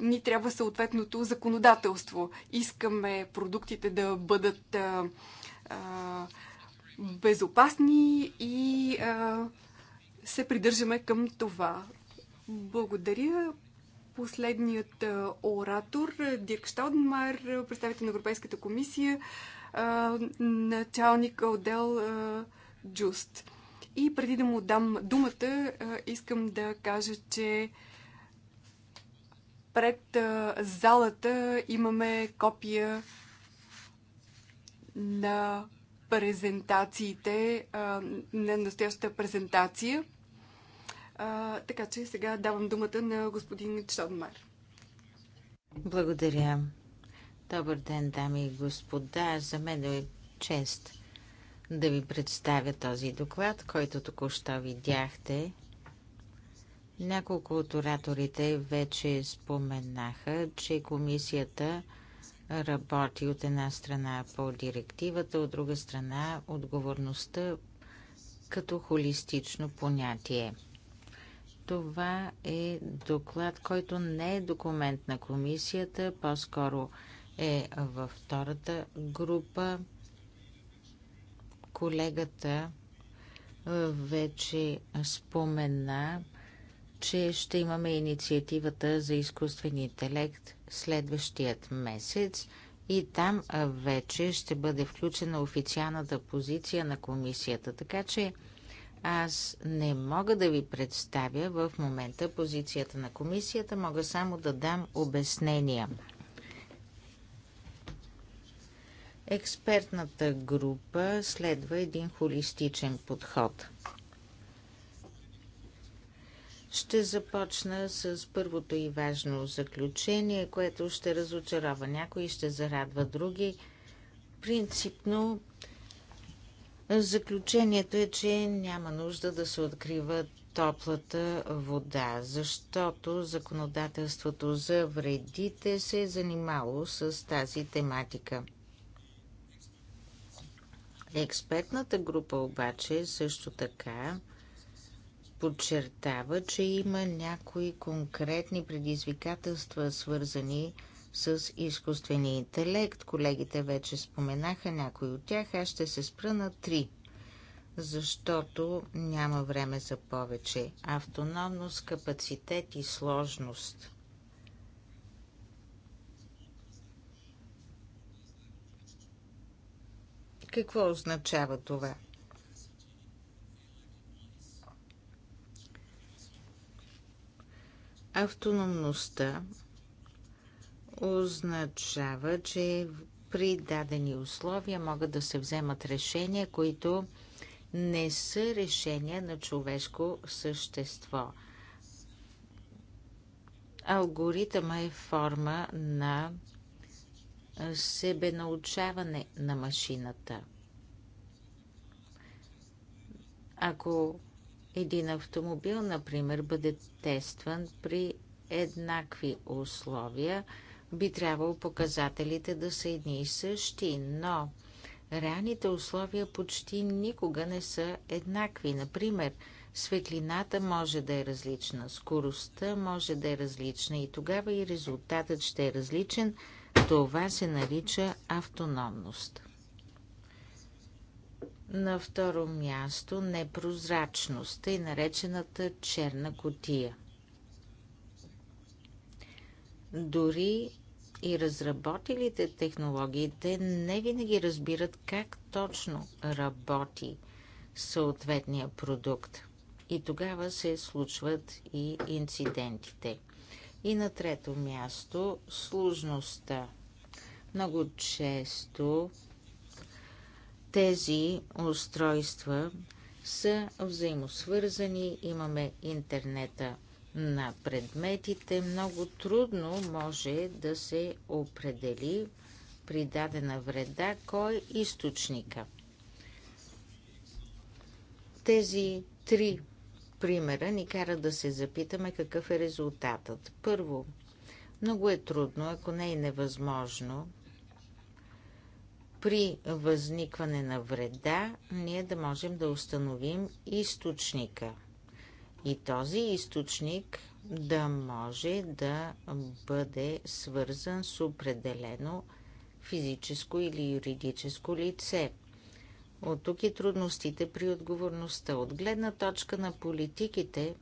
ни трябва съответното законодателство. Искаме продуктите да бъдат безопасни и се придържаме към това. Благодаря. Последният оратор, Дирк Штаудмар, представител на Европейската комисия, началник отдел Джуст. И преди да му дам думата, искам да кажа, че пред залата имаме копия на презентациите, на настоящата презентация. Така че сега давам думата на господин Чонмар. Благодаря. Добър ден, дами и господа. За мен е чест да ви представя този доклад, който току-що видяхте. Няколко от ораторите вече споменаха, че комисията работи от една страна по директивата, от друга страна отговорността като холистично понятие. Това е доклад, който не е документ на комисията, по-скоро е във втората група Колегата вече спомена, че ще имаме инициативата за изкуствен интелект следващият месец и там вече ще бъде включена официалната позиция на комисията. Така че аз не мога да ви представя в момента позицията на комисията, мога само да дам обяснения. Експертната група следва един холистичен подход. Ще започна с първото и важно заключение, което ще разочарова някои, ще зарадва други. Принципно заключението е, че няма нужда да се открива топлата вода, защото законодателството за вредите се е занимало с тази тематика. Експертната група обаче също така подчертава, че има някои конкретни предизвикателства, свързани с изкуствения интелект. Колегите вече споменаха някои от тях. Аз ще се спра на три, защото няма време за повече. Автономност, капацитет и сложност. Какво означава това? Автономността означава, че при дадени условия могат да се вземат решения, които не са решения на човешко същество. Алгоритъма е форма на себенаучаване на машината. Ако един автомобил, например, бъде тестван при еднакви условия, би трябвало показателите да са едни и същи, но реалните условия почти никога не са еднакви. Например, светлината може да е различна, скоростта може да е различна и тогава и резултатът ще е различен – това се нарича автономност. На второ място непрозрачност, и наречената черна котия. Дори и разработилите технологиите не винаги разбират как точно работи съответния продукт. И тогава се случват и инцидентите. И на трето място сложността. Много често тези устройства са взаимосвързани, имаме интернета на предметите. Много трудно може да се определи при дадена вреда кой е източника. Тези три примера ни кара да се запитаме какъв е резултатът. Първо, много е трудно, ако не е невъзможно, при възникване на вреда, ние да можем да установим източника. И този източник да може да бъде свързан с определено физическо или юридическо лице. От тук и трудностите при отговорността. От гледна точка на политиките,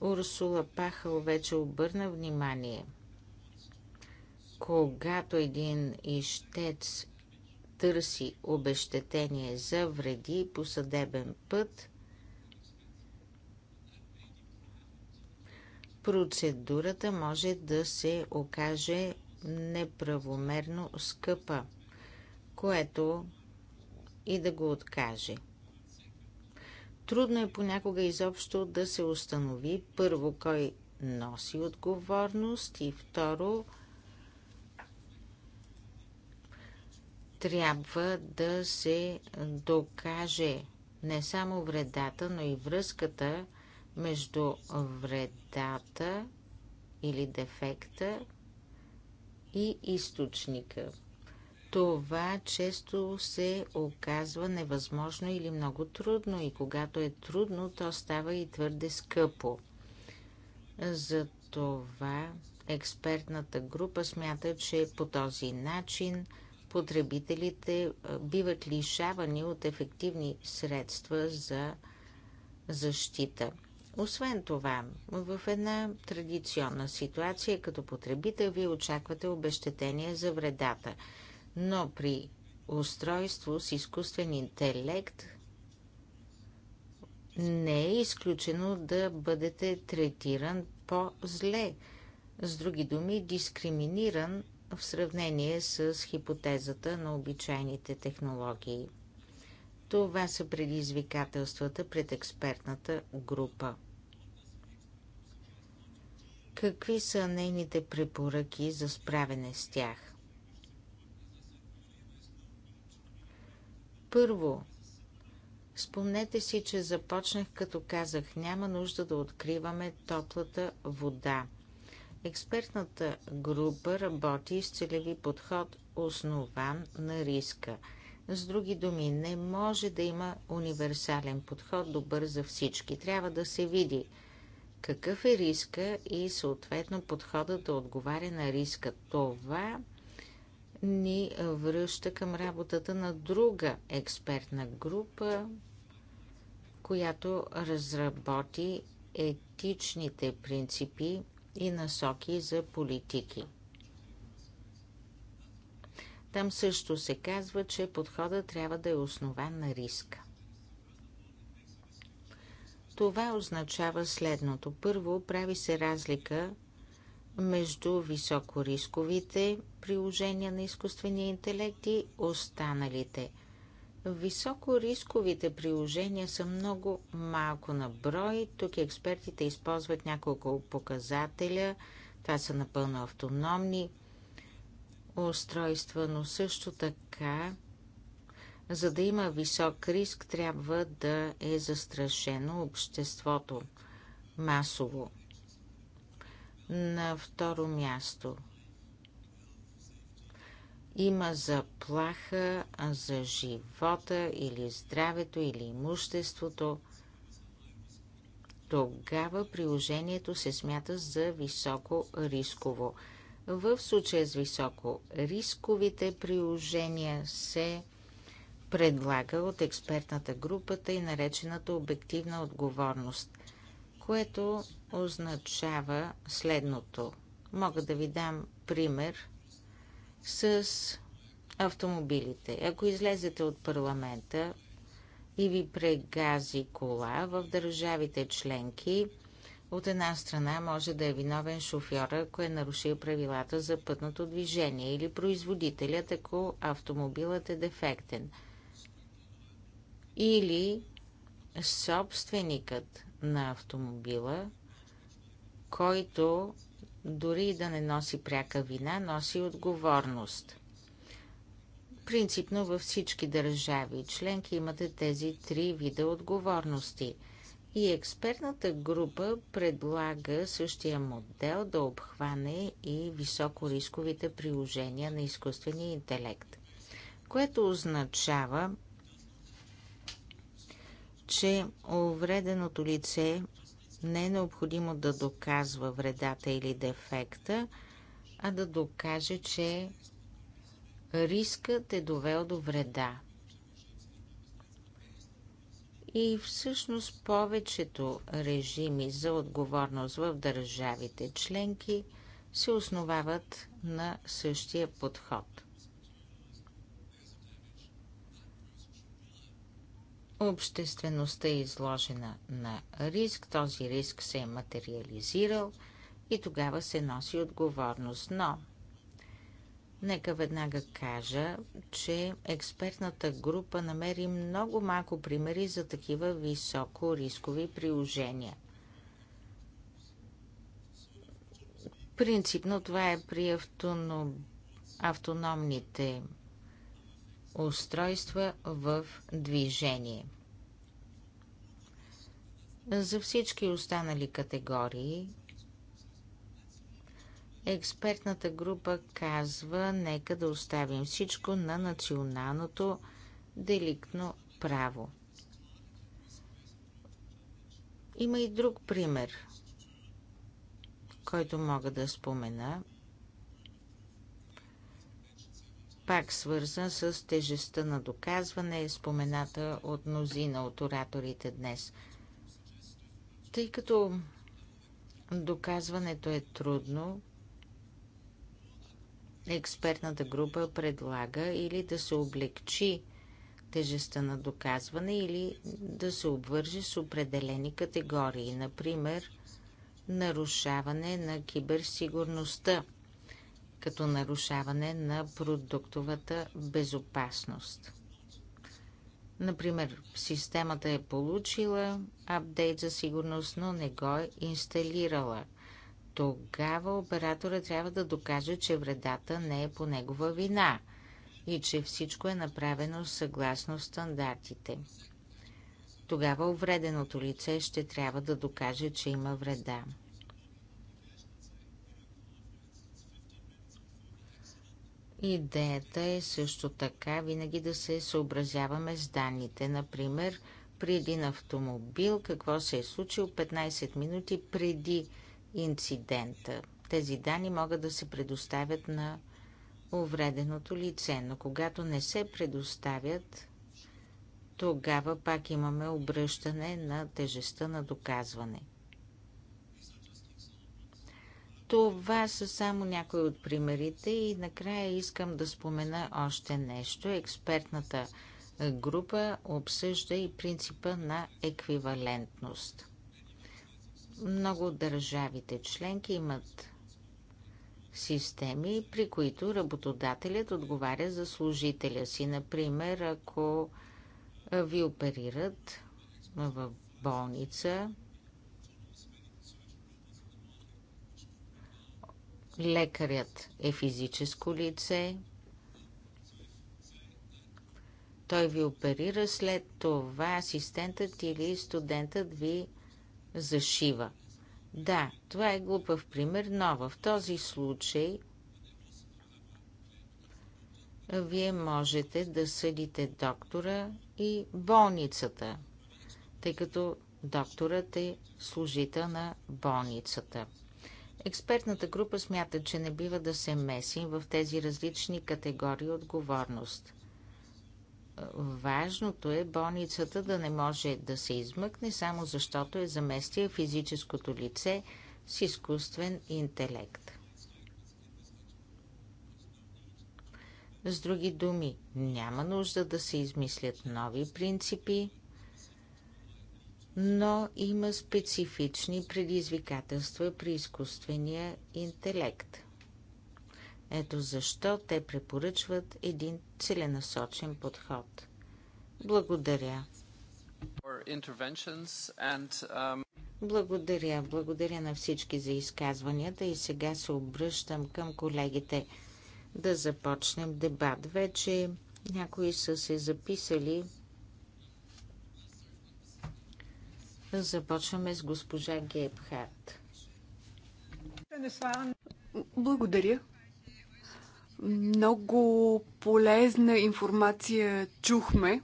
Урсула Пахал вече обърна внимание. Когато един ищец търси обещетение за вреди по съдебен път, процедурата може да се окаже неправомерно скъпа, което и да го откаже. Трудно е понякога изобщо да се установи първо кой носи отговорност и второ трябва да се докаже не само вредата, но и връзката между вредата или дефекта и източника това често се оказва невъзможно или много трудно и когато е трудно, то става и твърде скъпо. Затова експертната група смята, че по този начин потребителите биват лишавани от ефективни средства за защита. Освен това, в една традиционна ситуация като потребител вие очаквате обещетение за вредата – но при устройство с изкуствен интелект не е изключено да бъдете третиран по-зле. С други думи, дискриминиран в сравнение с хипотезата на обичайните технологии. Това са предизвикателствата пред експертната група. Какви са нейните препоръки за справяне с тях? Първо, спомнете си, че започнах като казах, няма нужда да откриваме топлата вода. Експертната група работи с целеви подход, основан на риска. С други думи, не може да има универсален подход, добър за всички. Трябва да се види какъв е риска и съответно подходът да отговаря на риска. Това ни връща към работата на друга експертна група, която разработи етичните принципи и насоки за политики. Там също се казва, че подходът трябва да е основан на риска. Това означава следното. Първо, прави се разлика между високорисковите приложения на изкуствения интелект и останалите. Високорисковите приложения са много малко на брой. Тук експертите използват няколко показателя. Това са напълно автономни устройства, но също така, за да има висок риск, трябва да е застрашено обществото масово. На второ място има заплаха за живота или здравето или имуществото, тогава приложението се смята за високо рисково. В случая с високо рисковите приложения се предлага от експертната групата и наречената обективна отговорност, което означава следното. Мога да ви дам пример с автомобилите. Ако излезете от парламента и ви прегази кола в държавите членки, от една страна може да е виновен шофьора, ако е нарушил правилата за пътното движение или производителят, ако автомобилът е дефектен. Или собственикът на автомобила който дори и да не носи пряка вина, носи отговорност. Принципно във всички държави членки имате тези три вида отговорности. И експертната група предлага същия модел да обхване и високорисковите приложения на изкуствения интелект, което означава, че увреденото лице не е необходимо да доказва вредата или дефекта, а да докаже, че рискът е довел до вреда. И всъщност повечето режими за отговорност в държавите членки се основават на същия подход. Обществеността е изложена на риск, този риск се е материализирал и тогава се носи отговорност. Но, нека веднага кажа, че експертната група намери много малко примери за такива високо рискови приложения – Принципно това е при автоном... автономните устройства в движение. За всички останали категории експертната група казва нека да оставим всичко на националното деликтно право. Има и друг пример, който мога да спомена – пак свързан с тежестта на доказване, е спомената от мнозина от ораторите днес. Тъй като доказването е трудно, експертната група предлага или да се облегчи тежестта на доказване или да се обвържи с определени категории, например нарушаване на киберсигурността – като нарушаване на продуктовата безопасност. Например, системата е получила апдейт за сигурност, но не го е инсталирала. Тогава оператора трябва да докаже, че вредата не е по негова вина и че всичко е направено съгласно стандартите. Тогава увреденото лице ще трябва да докаже, че има вреда. Идеята е също така винаги да се съобразяваме с данните. Например, при един автомобил, какво се е случило 15 минути преди инцидента. Тези данни могат да се предоставят на увреденото лице, но когато не се предоставят, тогава пак имаме обръщане на тежестта на доказване. Това са само някои от примерите и накрая искам да спомена още нещо. Експертната група обсъжда и принципа на еквивалентност. Много от държавите членки имат системи, при които работодателят отговаря за служителя си. Например, ако ви оперират в болница, Лекарят е физическо лице. Той ви оперира, след това асистентът или студентът ви зашива. Да, това е глупав пример, но в този случай вие можете да съдите доктора и болницата, тъй като докторът е служител на болницата. Експертната група смята, че не бива да се месим в тези различни категории отговорност. Важното е болницата да не може да се измъкне само защото е заместия физическото лице с изкуствен интелект. С други думи, няма нужда да се измислят нови принципи, но има специфични предизвикателства при изкуствения интелект. Ето защо те препоръчват един целенасочен подход. Благодаря. Um, Благодаря. Благодаря на всички за изказванията и сега се обръщам към колегите да започнем дебат. Вече някои са се записали Започваме с госпожа Гейбхарт. Благодаря. Много полезна информация чухме.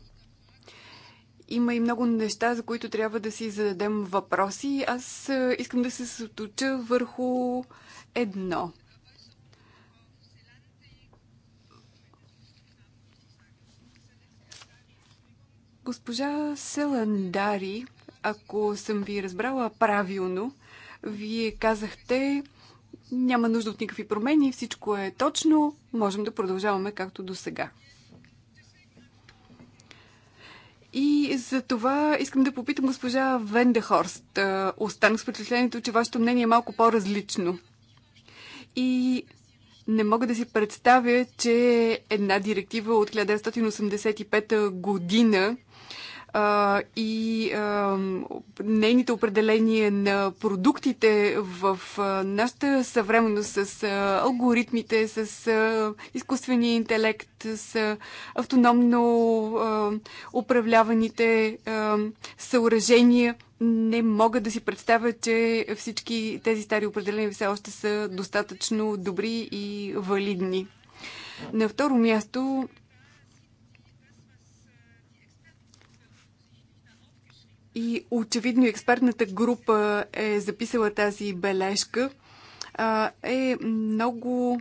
Има и много неща, за които трябва да си зададем въпроси. Аз е, искам да се съточа върху едно. Госпожа Селандари ако съм ви разбрала правилно, вие казахте, няма нужда от никакви промени, всичко е точно, можем да продължаваме както до сега. И за това искам да попитам госпожа Вендехорст. Е, останах с впечатлението, че вашето мнение е малко по-различно. И не мога да си представя, че една директива от 1985 година а, и а, нейните определения на продуктите в а, нашата съвременност с а, алгоритмите, с а, изкуствения интелект, с а, автономно а, управляваните а, съоръжения. Не мога да си представя, че всички тези стари определения все още са достатъчно добри и валидни. На второ място И очевидно експертната група е записала тази бележка. Е много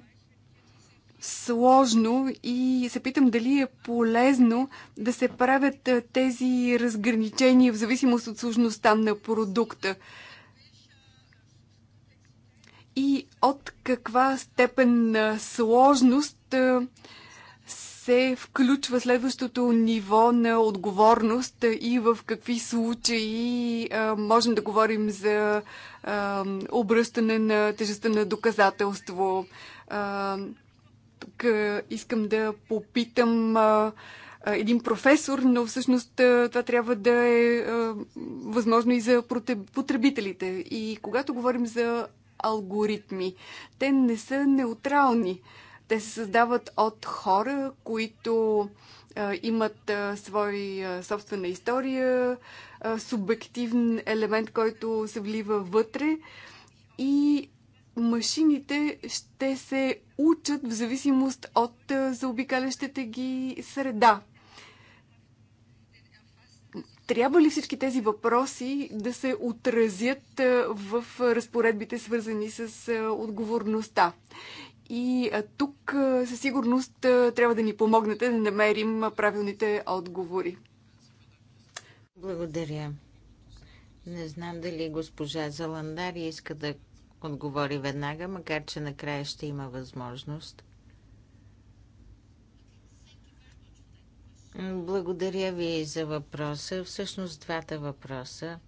сложно и се питам дали е полезно да се правят тези разграничения в зависимост от сложността на продукта. И от каква степен на сложност се включва следващото ниво на отговорност и в какви случаи можем да говорим за обръщане на тежестта на доказателство. Тук искам да попитам един професор, но всъщност това трябва да е възможно и за потребителите. И когато говорим за алгоритми, те не са неутрални. Те се създават от хора, които а, имат а, своя собствена история, а, субективен елемент, който се влива вътре и машините ще се учат в зависимост от заобикалящата ги среда. Трябва ли всички тези въпроси да се отразят в разпоредбите, свързани с отговорността? И тук със сигурност трябва да ни помогнете да намерим правилните отговори. Благодаря. Не знам дали госпожа Заландари иска да отговори веднага, макар че накрая ще има възможност. Благодаря ви за въпроса. Всъщност двата въпроса.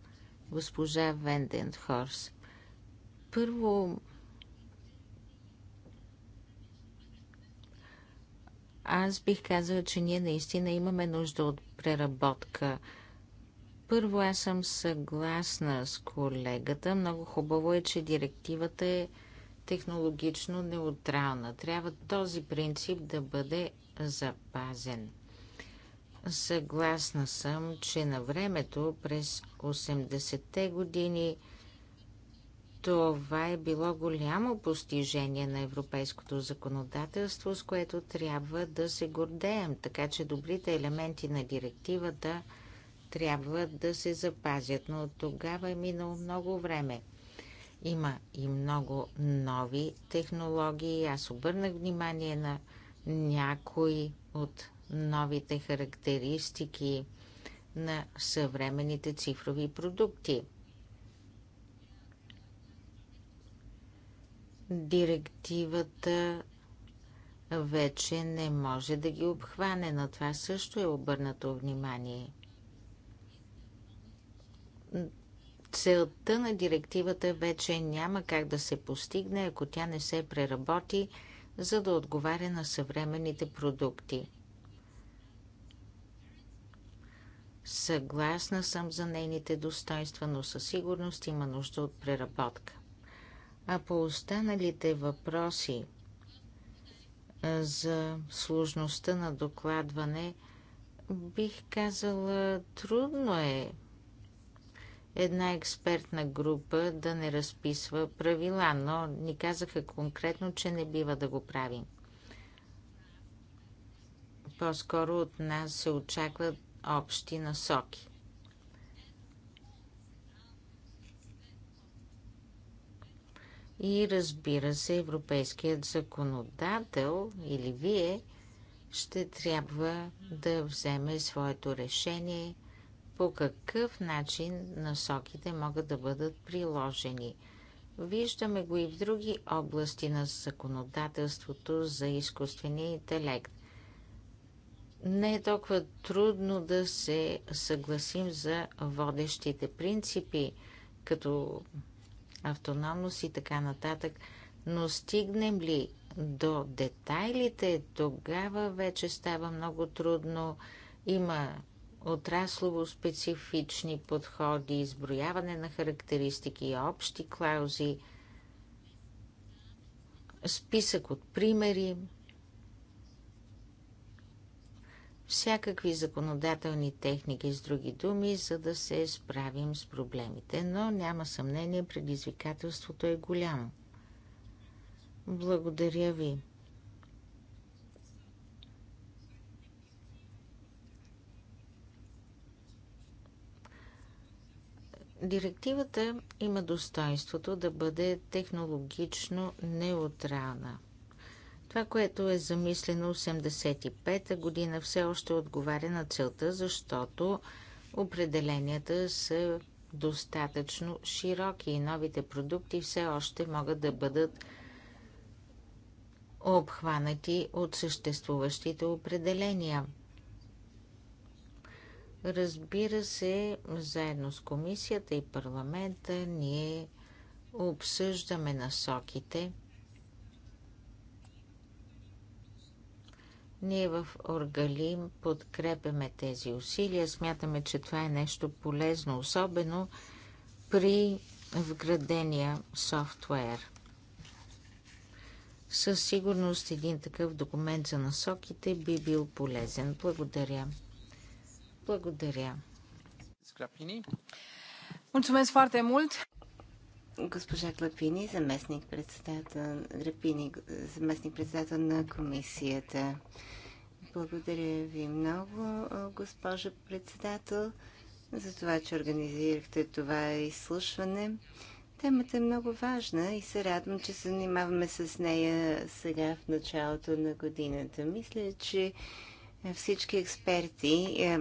Госпожа Хорс, Първо, Аз бих казала, че ние наистина имаме нужда от преработка. Първо, аз съм съгласна с колегата. Много хубаво е, че директивата е технологично неутрална. Трябва този принцип да бъде запазен. Съгласна съм, че на времето през 80-те години – това е било голямо постижение на европейското законодателство, с което трябва да се гордеем, така че добрите елементи на директивата трябва да се запазят, но от тогава е минало много време. Има и много нови технологии. Аз обърнах внимание на някои от новите характеристики на съвременните цифрови продукти – директивата вече не може да ги обхване. На това също е обърнато внимание. Целта на директивата вече няма как да се постигне, ако тя не се преработи, за да отговаря на съвременните продукти. Съгласна съм за нейните достоинства, но със сигурност има нужда от преработка. А по останалите въпроси за сложността на докладване, бих казала, трудно е една експертна група да не разписва правила, но ни казаха конкретно, че не бива да го правим. По-скоро от нас се очакват общи насоки. И разбира се, европейският законодател или вие ще трябва да вземе своето решение по какъв начин насоките могат да бъдат приложени. Виждаме го и в други области на законодателството за изкуствения интелект. Не е толкова трудно да се съгласим за водещите принципи, като автономност и така нататък. Но стигнем ли до детайлите, тогава вече става много трудно. Има отраслово специфични подходи, изброяване на характеристики, общи клаузи, списък от примери – всякакви законодателни техники, с други думи, за да се справим с проблемите, но няма съмнение, предизвикателството е голямо. Благодаря ви. Директивата има достоинството да бъде технологично неутрална. Това, което е замислено 85-та година, все още отговаря на целта, защото определенията са достатъчно широки и новите продукти все още могат да бъдат обхванати от съществуващите определения. Разбира се, заедно с комисията и парламента ние обсъждаме насоките – Ние в Оргалим подкрепяме тези усилия. Смятаме, че това е нещо полезно, особено при вградения софтуер. Със сигурност един такъв документ за насоките би бил полезен. Благодаря. Благодаря. Mulțumesc foarte mult! госпожа Клапини, заместник-председател, Грапини, заместник-председател на комисията. Благодаря ви много, госпожа председател, за това, че организирахте това изслушване. Темата е много важна и се радвам, че се занимаваме с нея сега в началото на годината. Мисля, че всички експерти е,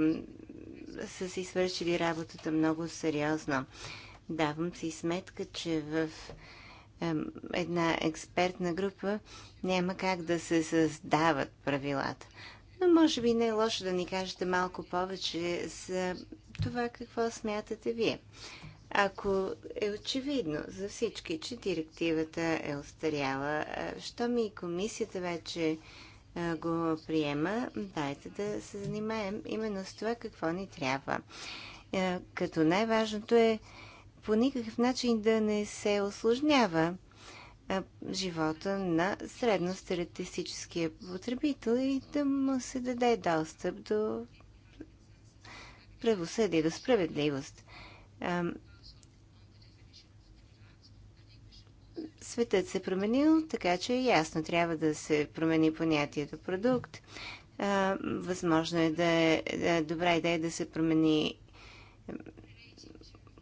са си свършили работата много сериозно. Давам си сметка, че в една експертна група няма как да се създават правилата. Но може би не е лошо да ни кажете малко повече за това какво смятате вие. Ако е очевидно за всички, че директивата е устаряла, е, що ми и комисията вече е, го приема, дайте да се занимаем именно с това какво ни трябва. Е, като най-важното е по никакъв начин да не се осложнява живота на средностатистическия потребител и да му се даде достъп до правосъдие, до справедливост. Светът се променил, така че е ясно, трябва да се промени понятието продукт. Възможно е, е да е добра идея да се промени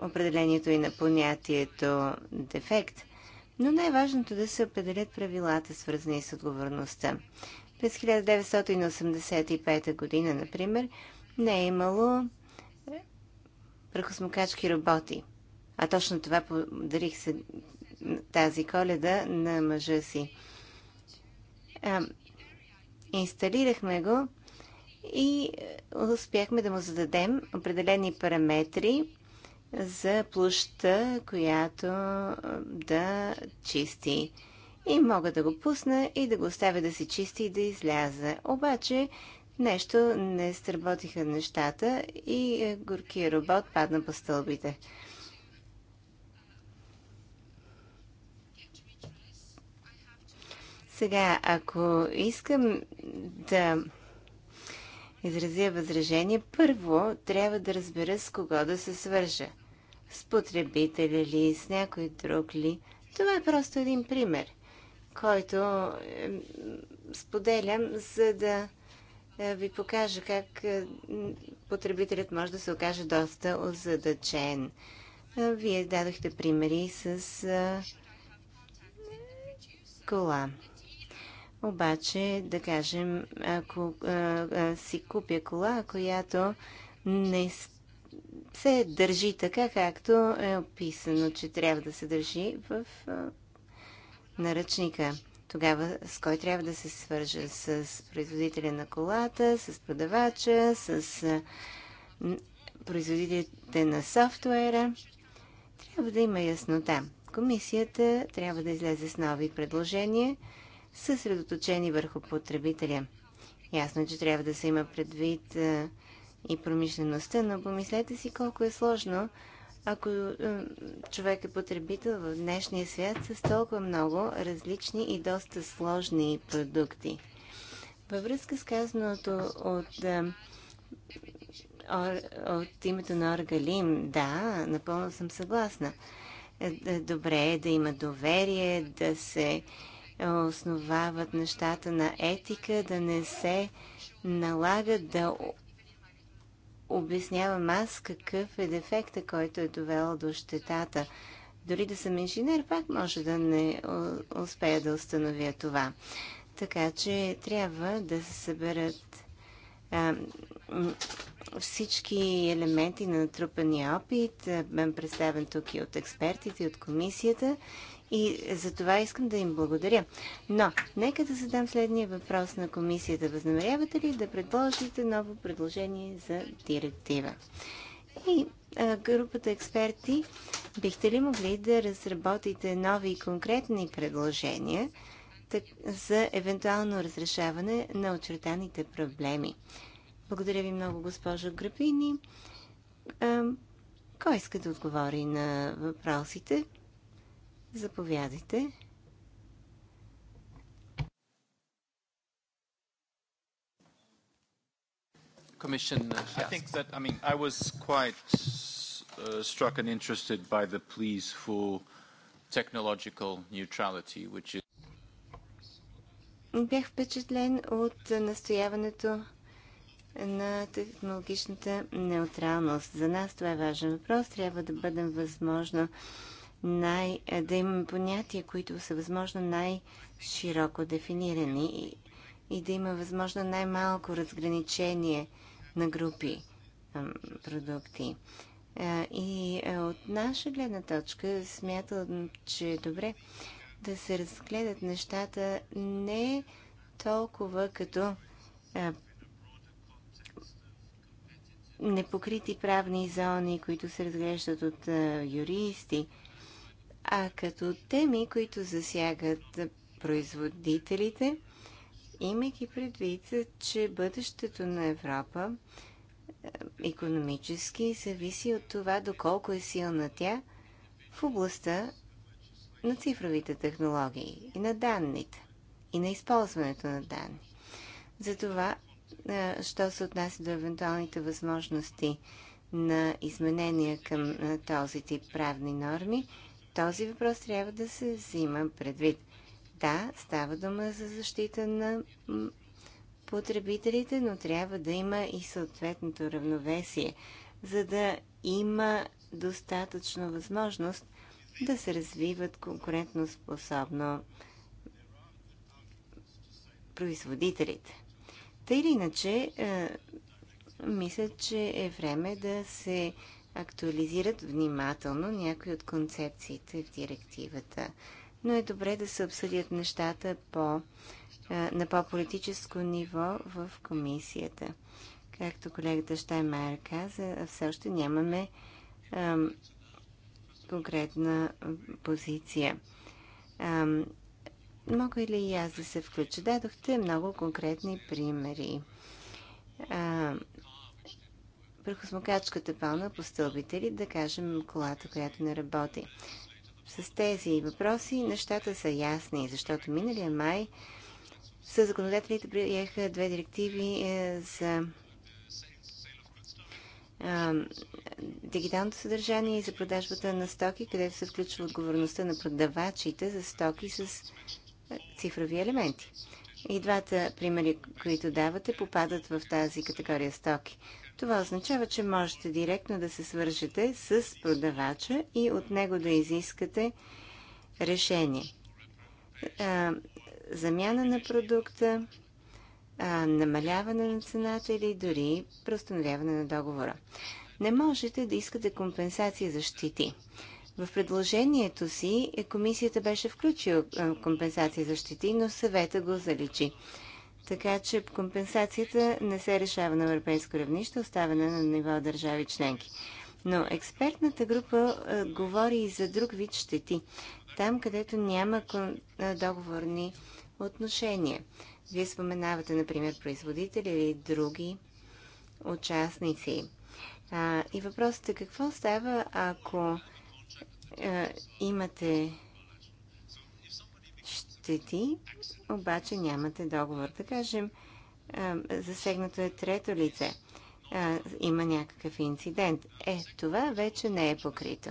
определението и на понятието дефект, но най-важното е да се определят правилата, свързани с отговорността. През 1985 година, например, не е имало е, прахосмокачки роботи. А точно това подарих се тази коледа на мъжа си. А, инсталирахме го и е, успяхме да му зададем определени параметри за площта, която да чисти. И мога да го пусна и да го оставя да се чисти и да изляза. Обаче нещо не сработиха нещата и горкия робот падна по стълбите. Сега, ако искам да изразя възражение, първо трябва да разбера с кого да се свържа с потребителя ли, с някой друг ли. Това е просто един пример, който споделям, за да е, ви покажа как е, потребителят може да се окаже доста озадачен. Е, вие дадохте примери с кола. Обаче, да кажем, ако а, а, си купя кола, която не се държи така, както е описано, че трябва да се държи в наръчника. Тогава с кой трябва да се свържа? С производителя на колата, с продавача, с производителите на софтуера. Трябва да има яснота. Комисията трябва да излезе с нови предложения, съсредоточени върху потребителя. Ясно е, че трябва да се има предвид и промишлеността, но помислете си колко е сложно, ако е, човек е потребител в днешния свят с толкова много различни и доста сложни продукти. Във връзка с казаното от, е, от, името на Оргалим, да, напълно съм съгласна. Е, добре е да има доверие, да се основават нещата на етика, да не се налагат да обяснявам аз какъв е дефекта, който е довел до щетата. Дори да съм инженер, пак може да не успея да установя това. Така че трябва да се съберат а, всички елементи на натрупания опит, Бен представен тук и от експертите, и от комисията, и за това искам да им благодаря. Но, нека да задам следния въпрос на комисията. Възнамерявате ли да предложите ново предложение за директива? И а, групата експерти, бихте ли могли да разработите нови конкретни предложения так, за евентуално разрешаване на очертаните проблеми? Благодаря ви много, госпожо Грапини. А, кой иска да отговори на въпросите? Заповядайте. Uh, uh, Бях впечатлен от настояването на технологичната неутралност. За нас това е важен въпрос. Трябва да бъдем възможно най, е, да имаме понятия, които са възможно най-широко дефинирани и, и да има възможно най-малко разграничение на групи продукти. Е, и е, от наша гледна точка смятам, че е добре да се разгледат нещата не толкова като непокрити правни зони, които се разглеждат от юристи, а като теми, които засягат производителите, имайки предвид, че бъдещето на Европа економически зависи от това доколко е силна тя в областта на цифровите технологии и на данните и на използването на данни. Затова, е, що се отнася до евентуалните възможности на изменения към е, този тип правни норми, този въпрос трябва да се взима предвид. Да, става дума за защита на потребителите, но трябва да има и съответното равновесие, за да има достатъчно възможност да се развиват конкурентно способно производителите. Тъй или иначе, е, мисля, че е време да се актуализират внимателно някои от концепциите в директивата. Но е добре да се обсъдят нещата по, на по-политическо ниво в комисията. Както колегата Штаймайер каза, все още нямаме ам, конкретна позиция. Ам, мога ли и аз да се включа? Дадохте много конкретни примери. Ам, върху смокачката пълна по стълбите или, да кажем, колата, която не работи. С тези въпроси нещата са ясни, защото миналия май със законодателите приеха две директиви е, за дигиталното съдържание и за продажбата на стоки, където се включва отговорността на продавачите за стоки с е, цифрови елементи. И двата примери, които давате, попадат в тази категория стоки. Това означава, че можете директно да се свържете с продавача и от него да изискате решение. А, замяна на продукта, а, намаляване на цената или дори преустановяване на договора. Не можете да искате компенсация за щети. В предложението си комисията беше включила компенсация за щети, но съвета го заличи. Така че компенсацията не се решава на европейско равнище, оставена на ниво държави членки. Но експертната група а, говори и за друг вид щети. Там, където няма договорни отношения. Вие споменавате, например, производители или други участници. А, и въпросът е какво става, ако а, имате щети, обаче нямате договор. Да кажем, засегнато е трето лице. Има някакъв инцидент. Е, това вече не е покрито.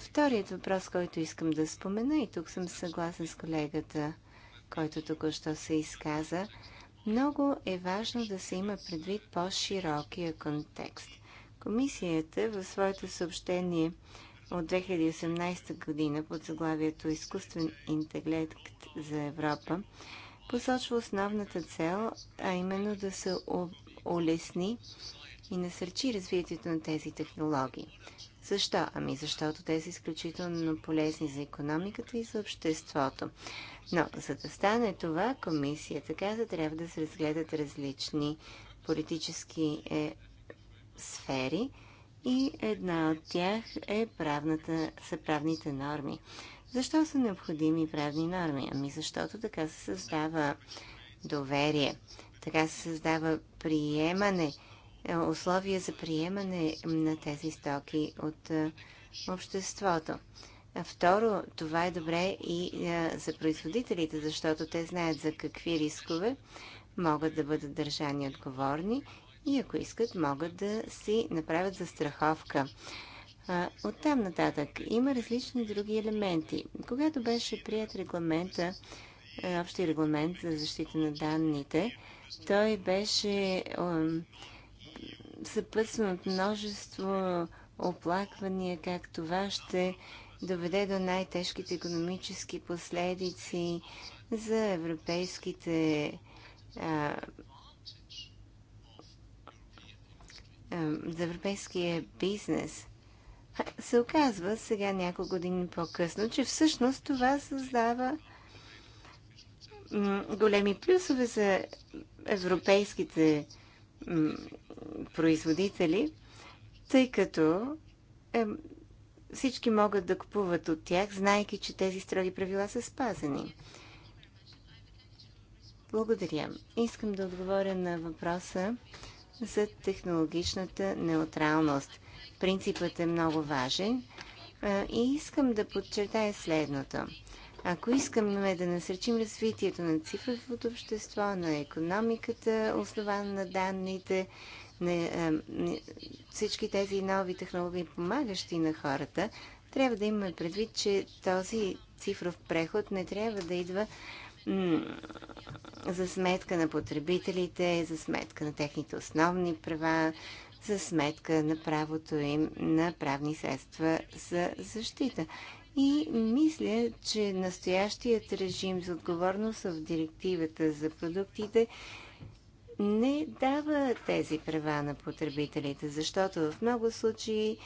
Вторият въпрос, който искам да спомена, и тук съм съгласен с колегата, който току-що се изказа, много е важно да се има предвид по-широкия контекст. Комисията в своето съобщение от 2018 година под заглавието Изкуствен интелект за Европа посочва основната цел, а именно да се улесни и насърчи развитието на тези технологии. Защо? Ами защото те са изключително полезни за економиката и за обществото. Но за да стане това, комисията каза, трябва да се разгледат различни политически е, сфери, и една от тях е правната, са правните норми. Защо са необходими правни норми? Ами защото така се създава доверие, така се създава приемане, е, условия за приемане на тези стоки от е, обществото. Второ, това е добре и е, за производителите, защото те знаят за какви рискове могат да бъдат държани отговорни и ако искат, могат да си направят застраховка. От там нататък има различни други елементи. Когато беше прият регламента, е, общия регламент за защита на данните, той беше съпътстван от множество оплаквания, как това ще доведе до най-тежките економически последици за европейските а, за европейския бизнес, се оказва сега няколко години по-късно, че всъщност това създава големи плюсове за европейските производители, тъй като е, всички могат да купуват от тях, знайки, че тези строги правила са спазени. Благодаря. Искам да отговоря на въпроса за технологичната неутралност. Принципът е много важен и искам да подчертая следното. Ако искаме да насречим развитието на цифровото общество, на економиката, основана на данните, на всички тези нови технологии, помагащи на хората, трябва да имаме предвид, че този цифров преход не трябва да идва за сметка на потребителите, за сметка на техните основни права, за сметка на правото им на правни средства за защита. И мисля, че настоящият режим за отговорност в директивата за продуктите не дава тези права на потребителите, защото в много случаи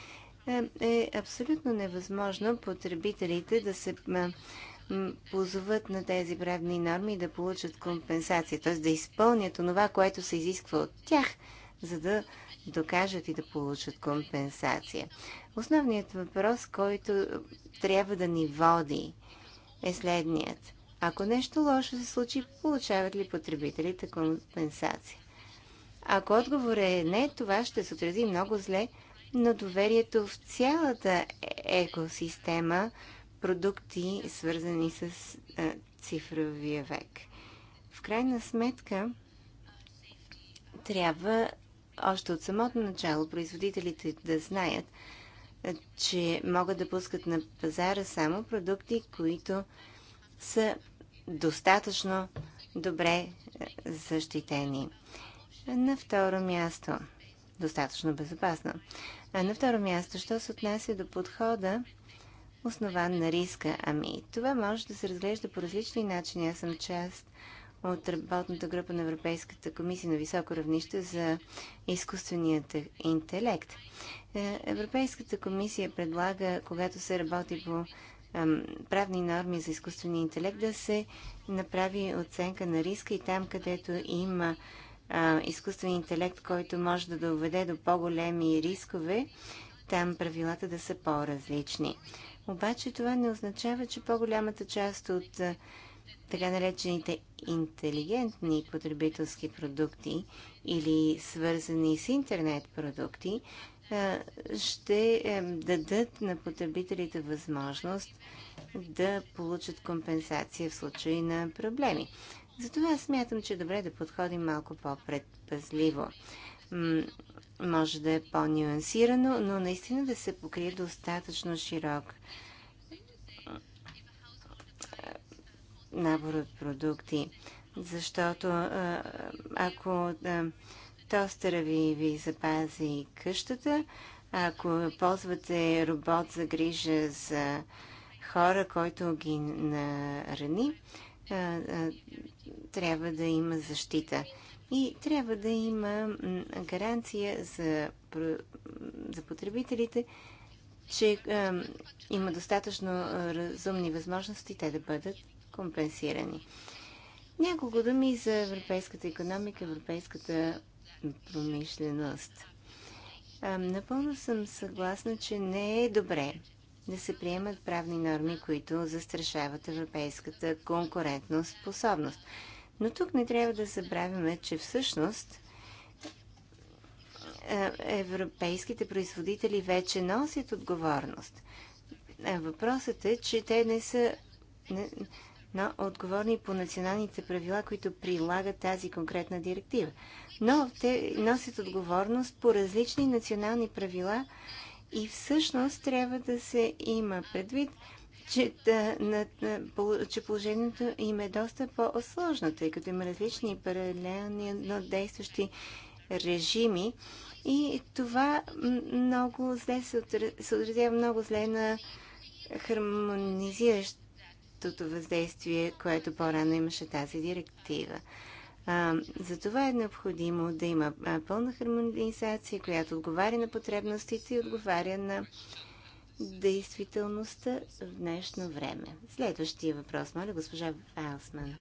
е, е абсолютно невъзможно потребителите да се позоват на тези правни норми и да получат компенсация, т.е. да изпълнят това, което се изисква от тях, за да докажат и да получат компенсация. Основният въпрос, който трябва да ни води, е следният. Ако нещо лошо се случи, получават ли потребителите компенсация? Ако отговор е не, това ще се отрази много зле на доверието в цялата е- екосистема продукти, свързани с цифровия век. В крайна сметка, трябва още от самото начало производителите да знаят, че могат да пускат на пазара само продукти, които са достатъчно добре защитени. На второ място, достатъчно безопасно. А на второ място, що се отнася до подхода основан на риска. Ами, това може да се разглежда по различни начини. Аз съм част от работната група на Европейската комисия на високо равнище за изкуственият интелект. Е, Европейската комисия предлага, когато се работи по правни норми за изкуствения интелект, да се направи оценка на риска и там, където има изкуствен интелект, който може да доведе до по-големи рискове, там правилата да са по-различни. Обаче това не означава, че по-голямата част от така наречените интелигентни потребителски продукти или свързани с интернет продукти ще дадат на потребителите възможност да получат компенсация в случай на проблеми. Затова смятам, че е добре да подходим малко по-предпазливо може да е по-нюансирано, но наистина да се покрие достатъчно широк набор от продукти. Защото ако тостера ви, ви запази къщата, ако ползвате робот за грижа за хора, който ги нарани, трябва да има защита. И трябва да има гаранция за, за потребителите, че е, има достатъчно разумни възможности те да бъдат компенсирани. Няколко думи за европейската економика, европейската промишленост. Е, напълно съм съгласна, че не е добре да се приемат правни норми, които застрашават европейската конкурентна способност. Но тук не трябва да забравяме, че всъщност е, европейските производители вече носят отговорност. Е, въпросът е, че те не са не, но отговорни по националните правила, които прилагат тази конкретна директива. Но те носят отговорност по различни национални правила и всъщност трябва да се има предвид, че, че положението им е доста по-сложно, тъй като има различни паралелни, но действащи режими. И това много зле се отразява много зле на хармонизиращото въздействие, което по-рано имаше тази директива. А, затова е необходимо да има пълна хармонизация, която отговаря на потребностите и отговаря на действителността в днешно време. Следващия въпрос, моля, госпожа Айлсман.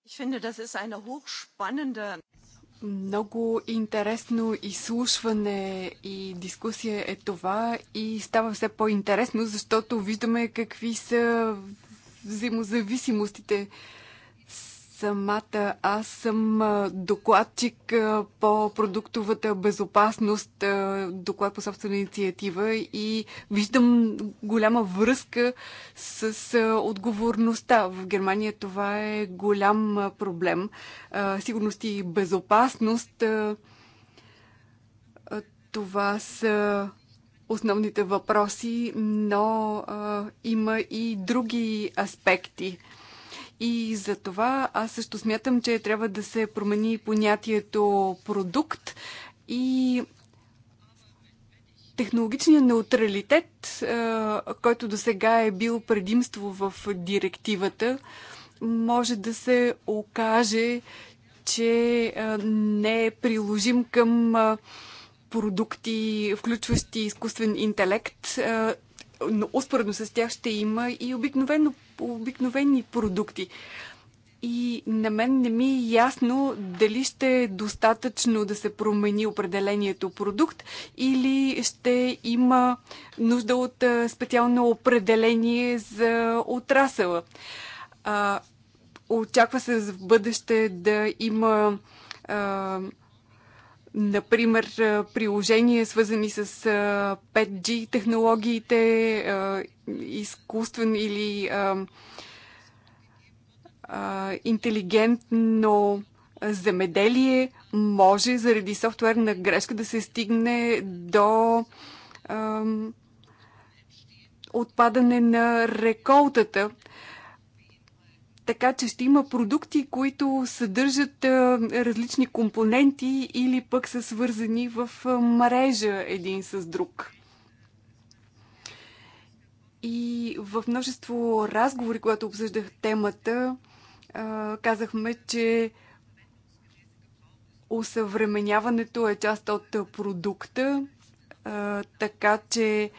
Много интересно изслушване и дискусия е това и става все по-интересно, защото виждаме какви са взаимозависимостите Самата аз съм докладчик по продуктовата безопасност, доклад по собствена инициатива и виждам голяма връзка с отговорността. В Германия това е голям проблем. Сигурност и безопасност това са основните въпроси, но а, има и други аспекти. И за това аз също смятам, че трябва да се промени понятието продукт и технологичния неутралитет, който до сега е бил предимство в директивата, може да се окаже, че не е приложим към продукти, включващи изкуствен интелект, но успоредно с тях ще има и обикновено, обикновени продукти. И на мен не ми е ясно дали ще е достатъчно да се промени определението продукт или ще има нужда от специално определение за отрасъла. очаква се в бъдеще да има Например, приложения, свързани с 5G технологиите, изкуствен или интелигентно земеделие, може заради софтуерна грешка да се стигне до отпадане на реколтата така че ще има продукти, които съдържат различни компоненти или пък са свързани в мрежа един с друг. И в множество разговори, когато обсъждах темата, казахме, че усъвременяването е част от продукта, така че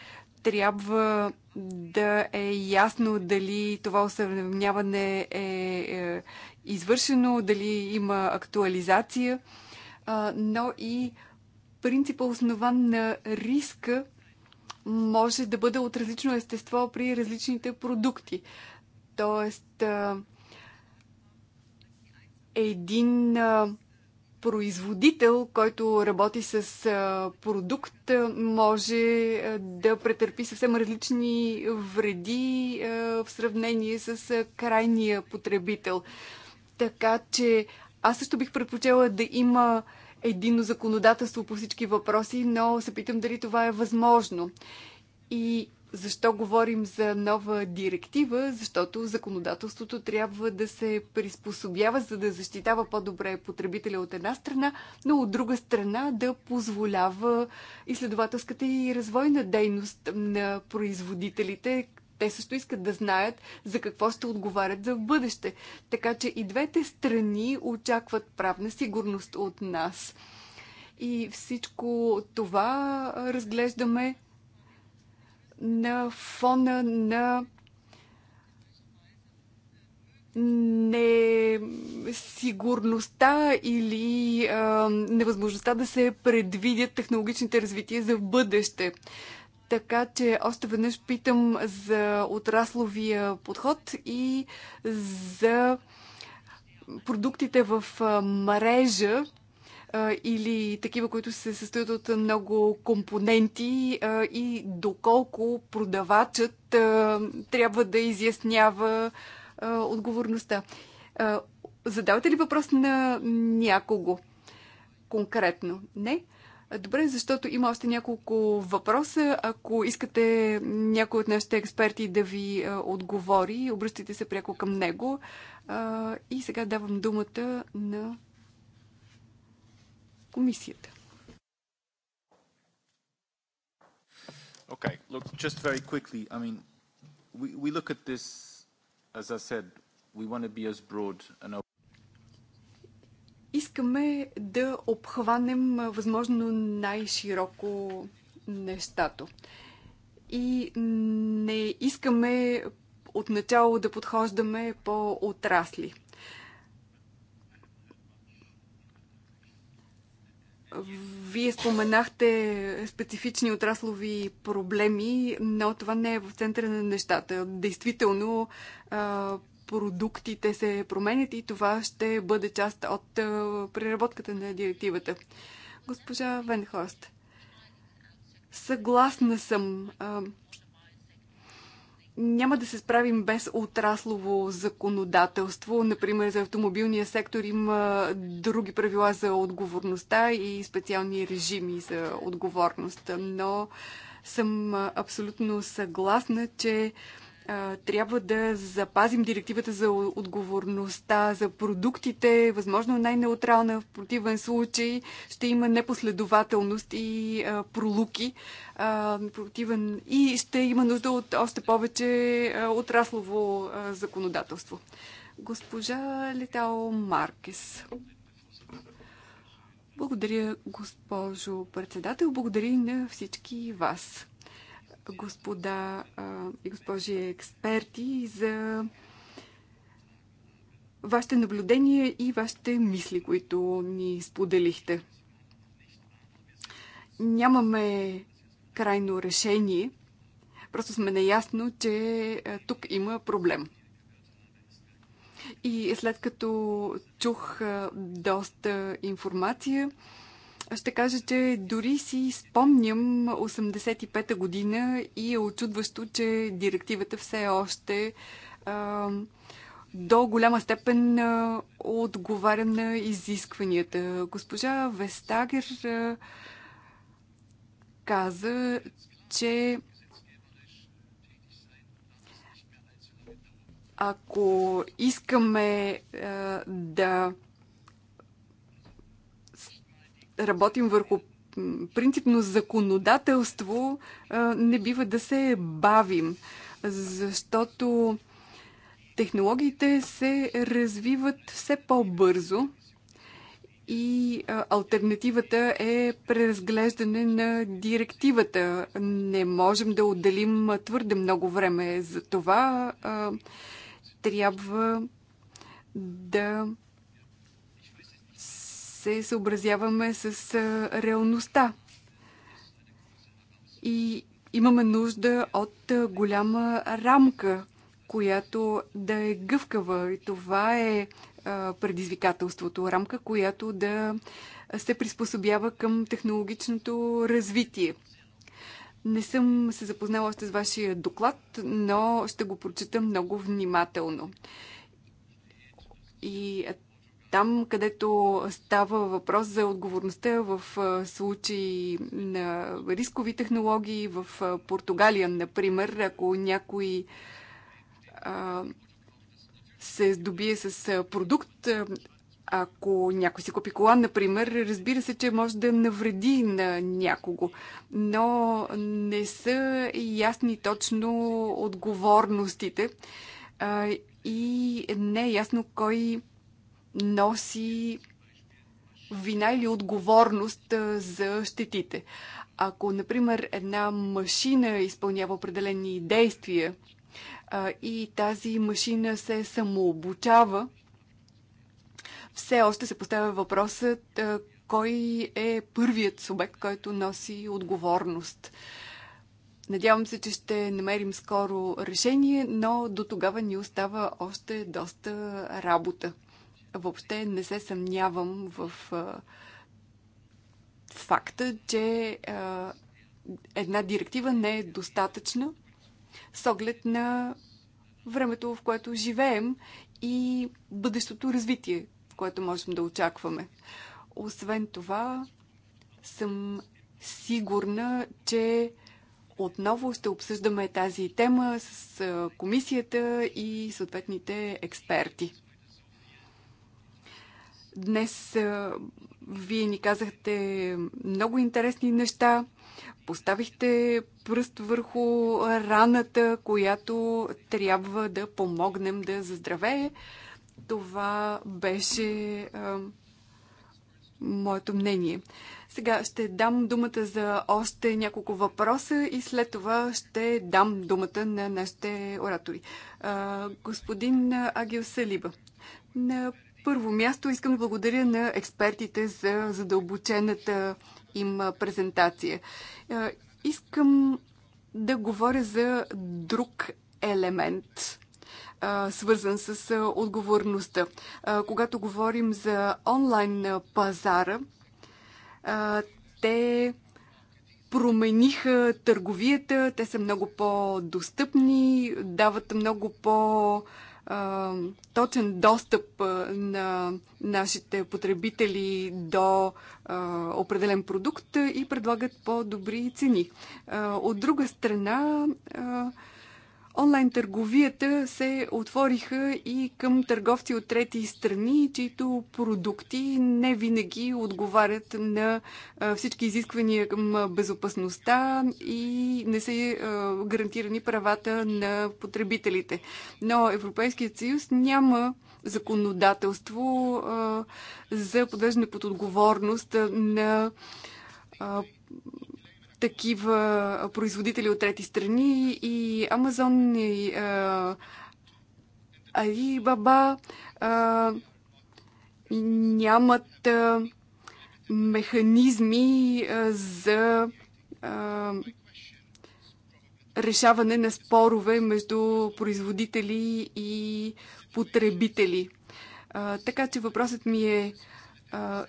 трябва да е ясно дали това усъвременяване е, е извършено, дали има актуализация, но и принципа основан на риска може да бъде от различно естество при различните продукти. Тоест, един производител, който работи с продукт, може да претърпи съвсем различни вреди в сравнение с крайния потребител. Така че аз също бих предпочела да има едино законодателство по всички въпроси, но се питам дали това е възможно. И защо говорим за нова директива? Защото законодателството трябва да се приспособява, за да защитава по-добре потребителя от една страна, но от друга страна да позволява изследователската и развойна дейност на производителите, те също искат да знаят за какво ще отговарят за бъдеще. Така че и двете страни очакват правна сигурност от нас. И всичко това разглеждаме на фона на несигурността или а, невъзможността да се предвидят технологичните развития за бъдеще. Така че още веднъж питам за отрасловия подход и за продуктите в мрежа, или такива, които се състоят от много компоненти и доколко продавачът трябва да изяснява отговорността. Задавате ли въпрос на някого конкретно? Не? Добре, защото има още няколко въпроса. Ако искате някой от нашите експерти да ви отговори, обръщайте се пряко към него. И сега давам думата на комисията. Okay, look, just very quickly, I mean, we, we look at this, as I said, we want to be as broad and open искаме да обхванем възможно най-широко нещата. И не искаме отначало да подхождаме по отрасли. Вие споменахте специфични отраслови проблеми, но това не е в центъра на нещата. Действително, продуктите се променят и това ще бъде част от преработката на директивата. Госпожа Венхорст, съгласна съм няма да се справим без отраслово законодателство. Например, за автомобилния сектор има други правила за отговорността и специални режими за отговорност. Но съм абсолютно съгласна, че трябва да запазим директивата за отговорността за продуктите, възможно най-неутрална. В противен случай ще има непоследователност и а, пролуки. А, противен... И ще има нужда от още повече а, отраслово а, законодателство. Госпожа Летао Маркес. Благодаря, госпожо председател. Благодаря на всички вас господа и госпожи експерти за вашите наблюдения и вашите мисли, които ни споделихте. Нямаме крайно решение, просто сме наясно, че тук има проблем. И след като чух доста информация, ще кажа, че дори си спомням 85-та година и е очудващо, че директивата все още а, до голяма степен а, отговаря на изискванията. Госпожа Вестагер а, каза, че ако искаме а, да работим върху принципно законодателство, не бива да се бавим, защото технологиите се развиват все по-бързо и альтернативата е преразглеждане на директивата. Не можем да отделим твърде много време за това. Трябва да се съобразяваме с реалността. И имаме нужда от голяма рамка, която да е гъвкава. И това е предизвикателството. Рамка, която да се приспособява към технологичното развитие. Не съм се запознала още с вашия доклад, но ще го прочета много внимателно. И там, където става въпрос за отговорността в случаи на рискови технологии в Португалия, например, ако някой а, се здобие с продукт, ако някой си купи кола, например, разбира се, че може да навреди на някого, но не са ясни точно отговорностите и не е ясно кой носи вина или отговорност за щетите. Ако, например, една машина изпълнява определени действия и тази машина се самообучава, все още се поставя въпросът кой е първият субект, който носи отговорност. Надявам се, че ще намерим скоро решение, но до тогава ни остава още доста работа въобще не се съмнявам в факта, че една директива не е достатъчна с оглед на времето, в което живеем и бъдещото развитие, което можем да очакваме. Освен това, съм сигурна, че отново ще обсъждаме тази тема с комисията и съответните експерти. Днес вие ни казахте много интересни неща. Поставихте пръст върху раната, която трябва да помогнем да заздравее. Това беше а, моето мнение. Сега ще дам думата за още няколко въпроса и след това ще дам думата на нашите оратори. А, господин Агил Салиба, на първо място искам да благодаря на експертите за задълбочената им презентация. Е, искам да говоря за друг елемент, е, свързан с е, отговорността. Когато говорим за онлайн пазара, те промениха търговията, те са много по-достъпни, дават много по- точен достъп на нашите потребители до определен продукт и предлагат по-добри цени. От друга страна, Онлайн търговията се отвориха и към търговци от трети страни, чието продукти не винаги отговарят на всички изисквания към безопасността и не са гарантирани правата на потребителите. Но Европейският съюз няма законодателство за подвеждане под отговорност на такива производители от трети страни и Амазон и Алибаба нямат а, механизми а, за а, решаване на спорове между производители и потребители. А, така че въпросът ми е а,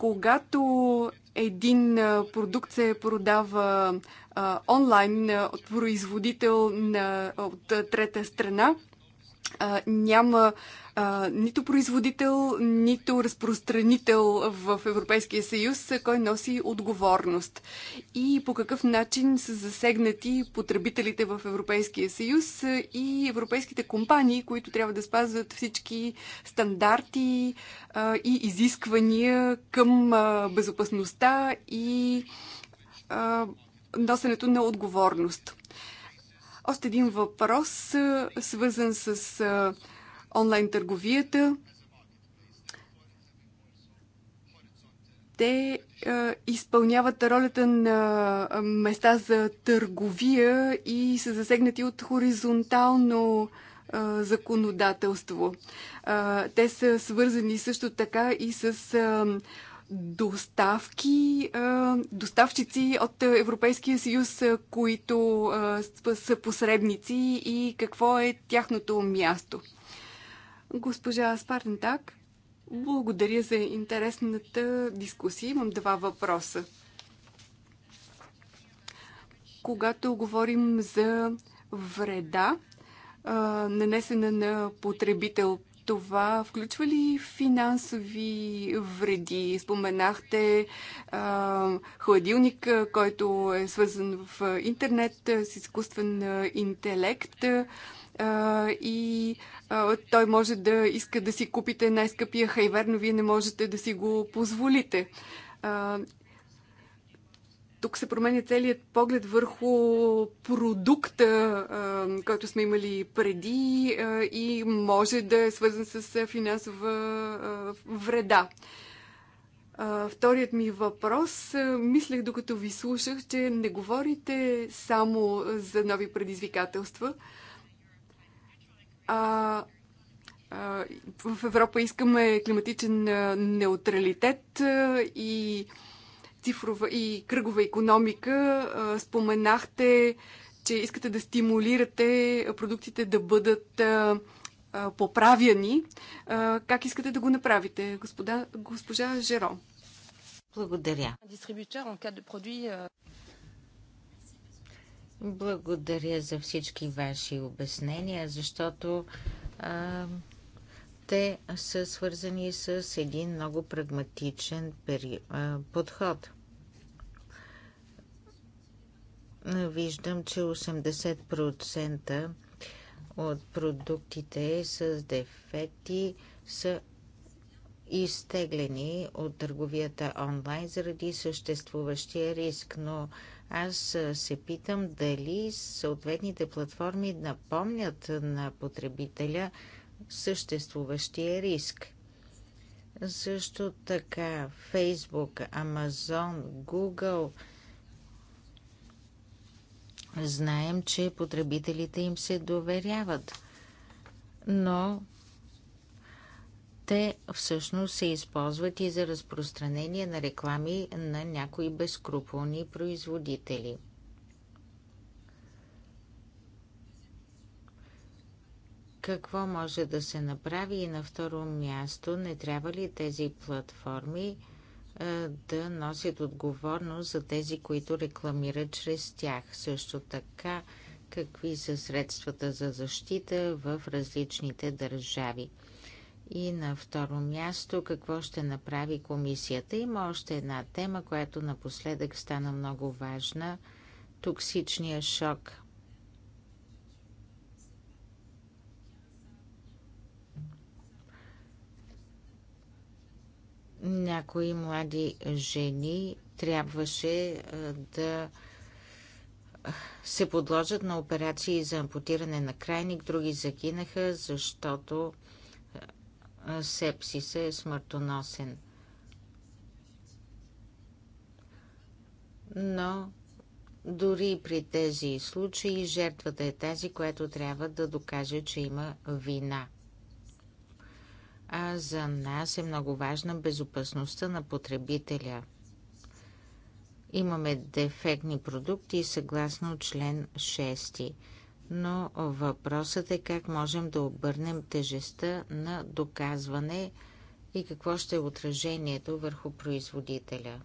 когато един продукт се продава онлайн от производител на, от трета страна, а, няма а, нито производител, нито разпространител в Европейския съюз, кой носи отговорност. И по какъв начин са засегнати потребителите в Европейския съюз и европейските компании, които трябва да спазват всички стандарти а, и изисквания към а, безопасността и а, носенето на отговорност. Още един въпрос, свързан с онлайн търговията. Те изпълняват ролята на места за търговия и са засегнати от хоризонтално законодателство. Те са свързани също така и с доставки, доставчици от Европейския съюз, които са посредници и какво е тяхното място. Госпожа Спартентак, благодаря за интересната дискусия. Имам два въпроса. Когато говорим за вреда, нанесена на потребител това включва ли финансови вреди? Споменахте а, хладилник, който е свързан в интернет с изкуствен интелект а, и а, той може да иска да си купите най-скъпия хайвер, но вие не можете да си го позволите. А, тук се променя целият поглед върху продукта, който сме имали преди и може да е свързан с финансова вреда. Вторият ми въпрос. Мислех, докато ви слушах, че не говорите само за нови предизвикателства. А, а, в Европа искаме климатичен неутралитет и цифрова и кръгова економика. Споменахте, че искате да стимулирате продуктите да бъдат поправяни. Как искате да го направите, господа, госпожа Жеро? Благодаря. Euh, Благодаря за всички ваши обяснения, защото а, те са свързани с един много прагматичен подход. Виждам, че 80% от продуктите с дефекти са изтеглени от търговията онлайн заради съществуващия риск, но аз се питам дали съответните платформи напомнят на потребителя съществуващия риск. Също така Facebook, Amazon, Google знаем, че потребителите им се доверяват, но те всъщност се използват и за разпространение на реклами на някои безкруполни производители – какво може да се направи и на второ място, не трябва ли тези платформи да носят отговорност за тези, които рекламират чрез тях. Също така, какви са средствата за защита в различните държави. И на второ място, какво ще направи комисията? Има още една тема, която напоследък стана много важна – токсичния шок. Някои млади жени трябваше е, да е, се подложат на операции за ампутиране на крайник, други загинаха, защото е, сепсиса е смъртоносен. Но дори при тези случаи жертвата е тази, която трябва да докаже, че има вина – а за нас е много важна безопасността на потребителя. Имаме дефектни продукти съгласно член 6, но въпросът е как можем да обърнем тежестта на доказване и какво ще е отражението върху производителя.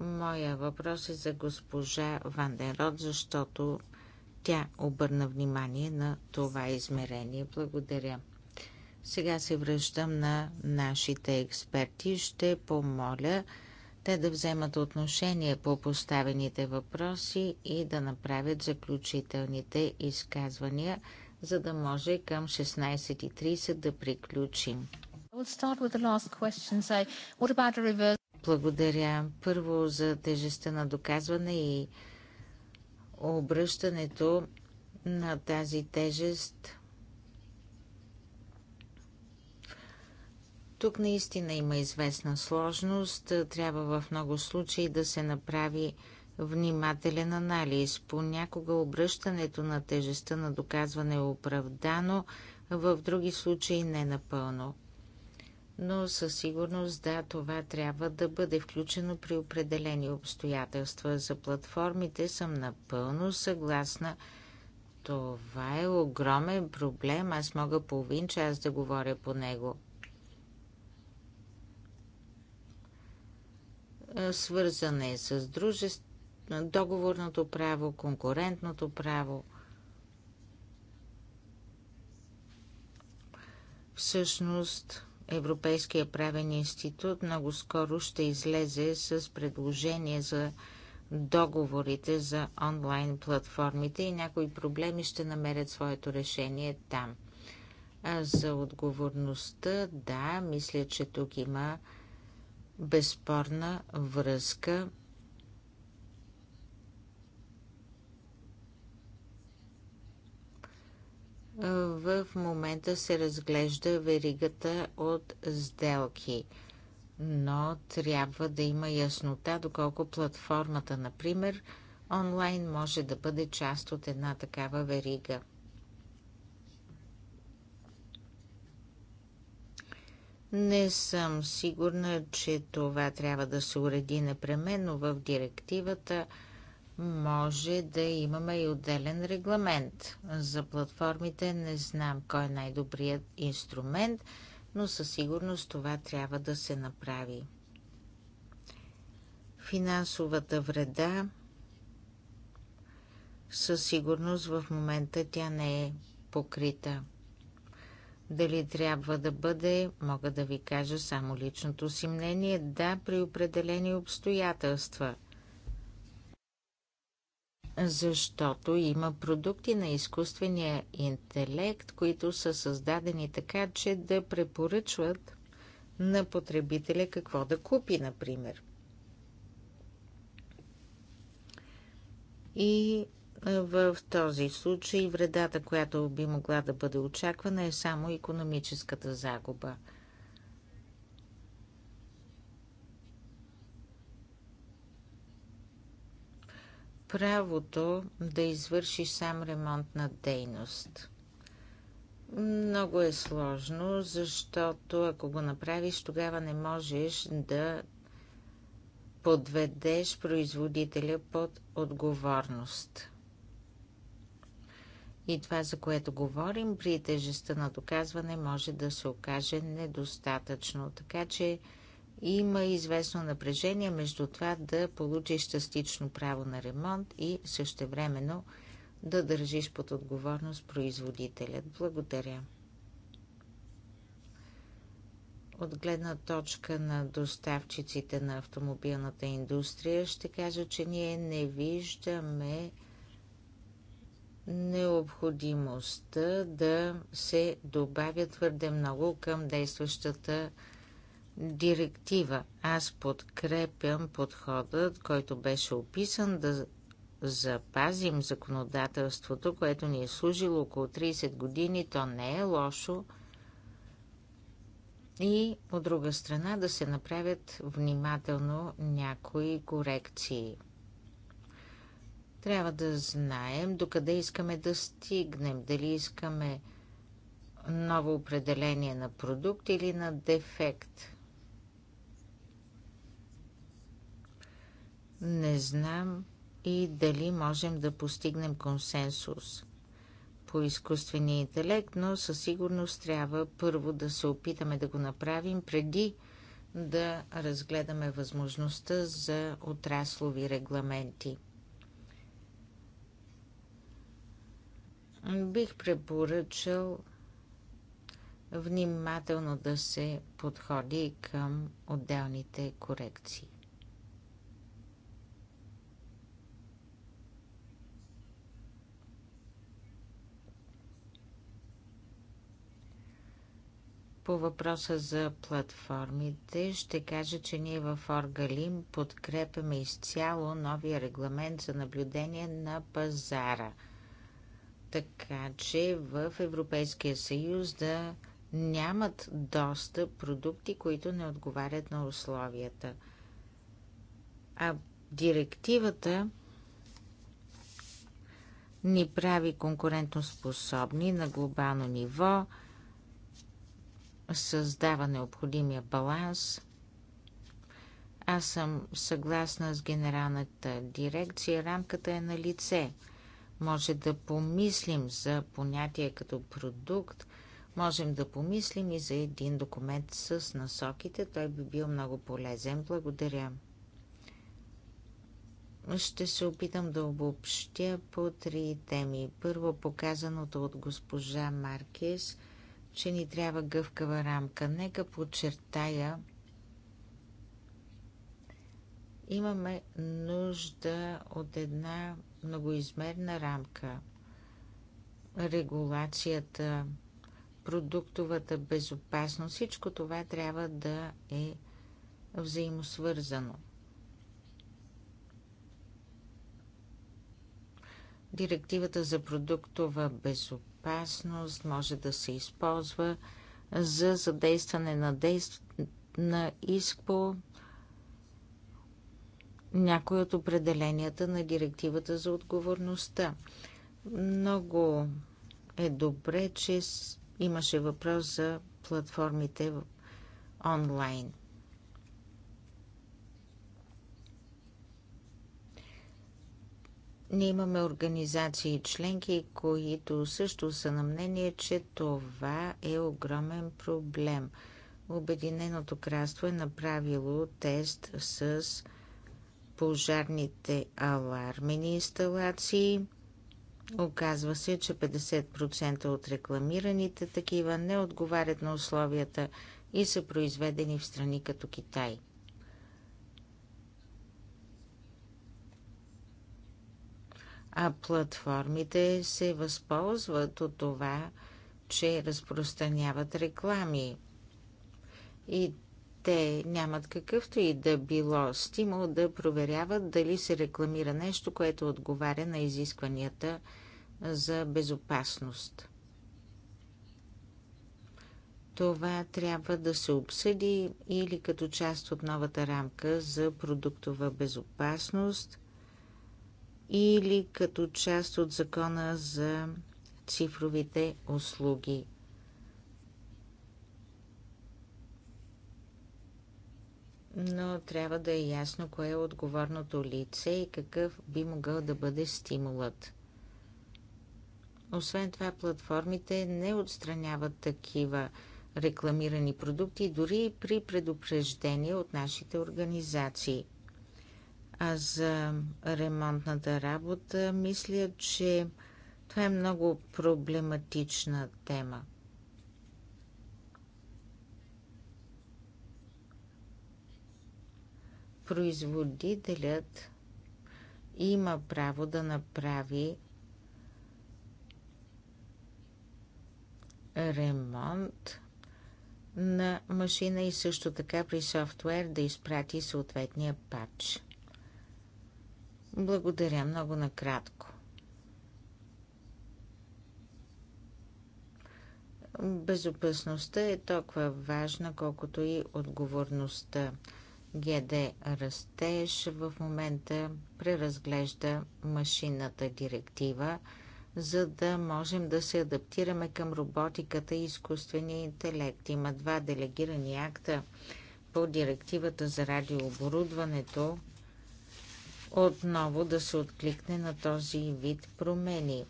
Моя въпрос е за госпожа Вандерот, защото тя обърна внимание на това измерение. Благодаря. Сега се връщам на нашите експерти. Ще помоля те да вземат отношение по поставените въпроси и да направят заключителните изказвания, за да може към 16.30 да приключим. Благодаря първо за тежестта на доказване и обръщането на тази тежест Тук наистина има известна сложност. Трябва в много случаи да се направи внимателен анализ. Понякога обръщането на тежестта на доказване е оправдано, в други случаи не напълно. Но със сигурност да, това трябва да бъде включено при определени обстоятелства. За платформите съм напълно съгласна. Това е огромен проблем. Аз мога половин час да говоря по него. свързана е с дружество, договорното право, конкурентното право. Всъщност, Европейския правен институт много скоро ще излезе с предложение за договорите за онлайн платформите и някои проблеми ще намерят своето решение там. А за отговорността, да, мисля, че тук има безспорна връзка В момента се разглежда веригата от сделки, но трябва да има яснота доколко платформата, например, онлайн може да бъде част от една такава верига. Не съм сигурна, че това трябва да се уреди непременно в директивата. Може да имаме и отделен регламент. За платформите не знам кой е най-добрият инструмент, но със сигурност това трябва да се направи. Финансовата вреда със сигурност в момента тя не е покрита. Дали трябва да бъде, мога да ви кажа само личното си мнение, да, при определени обстоятелства. Защото има продукти на изкуствения интелект, които са създадени така, че да препоръчват на потребителя какво да купи, например. И в този случай вредата, която би могла да бъде очаквана, е само економическата загуба. Правото да извърши сам ремонтна дейност. Много е сложно, защото ако го направиш, тогава не можеш да подведеш производителя под отговорност. И това, за което говорим, при тежестта на доказване може да се окаже недостатъчно. Така че има известно напрежение между това да получиш частично право на ремонт и същевременно да държиш под отговорност производителят. Благодаря. От гледна точка на доставчиците на автомобилната индустрия ще кажа, че ние не виждаме необходимостта да се добавя твърде много към действащата директива. Аз подкрепям подходът, който беше описан да запазим законодателството, което ни е служило около 30 години. То не е лошо. И от друга страна да се направят внимателно някои корекции. Трябва да знаем докъде искаме да стигнем. Дали искаме ново определение на продукт или на дефект. Не знам и дали можем да постигнем консенсус по изкуствения интелект, но със сигурност трябва първо да се опитаме да го направим преди да разгледаме възможността за отраслови регламенти. бих препоръчал внимателно да се подходи към отделните корекции. По въпроса за платформите ще кажа, че ние в Оргалим подкрепяме изцяло новия регламент за наблюдение на пазара – така че в Европейския съюз да нямат доста продукти, които не отговарят на условията. А директивата ни прави конкурентоспособни на глобално ниво, създава необходимия баланс. Аз съм съгласна с генералната дирекция. Рамката е на лице – може да помислим за понятие като продукт, можем да помислим и за един документ с насоките. Той би бил много полезен. Благодаря. Ще се опитам да обобщя по три теми. Първо, показаното от госпожа Маркес, че ни трябва гъвкава рамка. Нека подчертая, имаме нужда от една многоизмерна рамка. Регулацията, продуктовата безопасност, всичко това трябва да е взаимосвързано. Директивата за продуктова безопасност може да се използва за задействане на, действ... на ИСПО някои от определенията на директивата за отговорността. Много е добре, че имаше въпрос за платформите онлайн. Ние имаме организации и членки, които също са на мнение, че това е огромен проблем. Обединеното кралство е направило тест с пожарните алармени инсталации. Оказва се, че 50% от рекламираните такива не отговарят на условията и са произведени в страни като Китай. А платформите се възползват от това, че разпространяват реклами. И те нямат какъвто и да било стимул да проверяват дали се рекламира нещо, което отговаря на изискванията за безопасност. Това трябва да се обсъди или като част от новата рамка за продуктова безопасност, или като част от закона за цифровите услуги. но трябва да е ясно кое е отговорното лице и какъв би могъл да бъде стимулът. Освен това, платформите не отстраняват такива рекламирани продукти, дори и при предупреждение от нашите организации. А за ремонтната работа мисля, че това е много проблематична тема. производителят има право да направи ремонт на машина и също така при софтуер да изпрати съответния патч. Благодаря много накратко. Безопасността е толкова важна, колкото и отговорността. ГД Растеж в момента преразглежда машинната директива, за да можем да се адаптираме към роботиката и изкуствения интелект. Има два делегирани акта по директивата за радиооборудването отново да се откликне на този вид промени.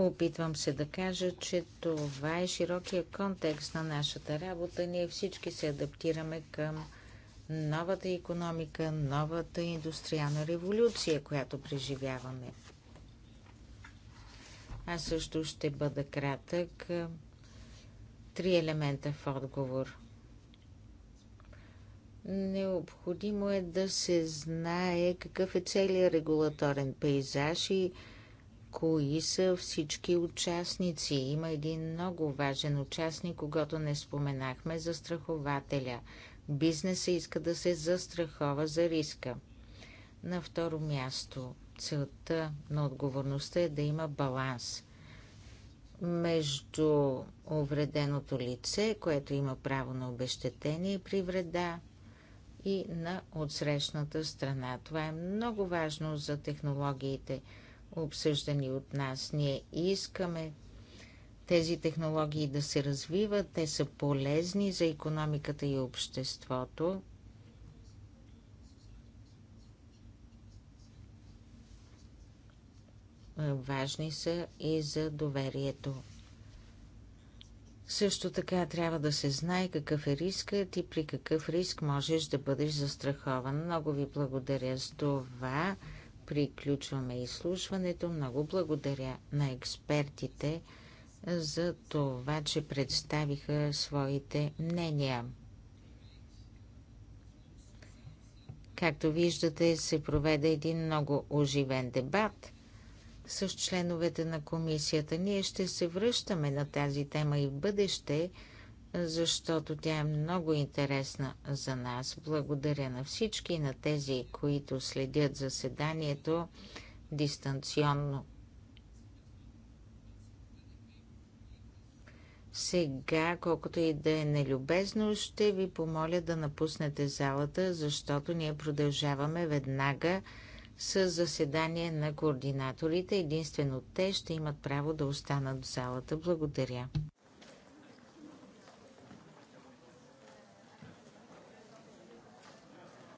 Опитвам се да кажа, че това е широкия контекст на нашата работа. Ние всички се адаптираме към новата економика, новата индустриална революция, която преживяваме. Аз също ще бъда кратък. Три елемента в отговор. Необходимо е да се знае какъв е целият регулаторен пейзаж и кои са всички участници. Има един много важен участник, когато не споменахме, застрахователя. Бизнеса иска да се застрахова за риска. На второ място, целта на отговорността е да има баланс между увреденото лице, което има право на обещетение при вреда, и на отсрещната страна. Това е много важно за технологиите – обсъждани от нас. Ние искаме тези технологии да се развиват, те са полезни за економиката и обществото. Важни са и за доверието. Също така трябва да се знае какъв е рискът и при какъв риск можеш да бъдеш застрахован. Много ви благодаря с това приключваме изслушването. Много благодаря на експертите за това, че представиха своите мнения. Както виждате, се проведе един много оживен дебат с членовете на комисията. Ние ще се връщаме на тази тема и в бъдеще – защото тя е много интересна за нас. Благодаря на всички, на тези, които следят заседанието дистанционно. Сега, колкото и да е нелюбезно, ще ви помоля да напуснете залата, защото ние продължаваме веднага с заседание на координаторите. Единствено те ще имат право да останат в залата. Благодаря.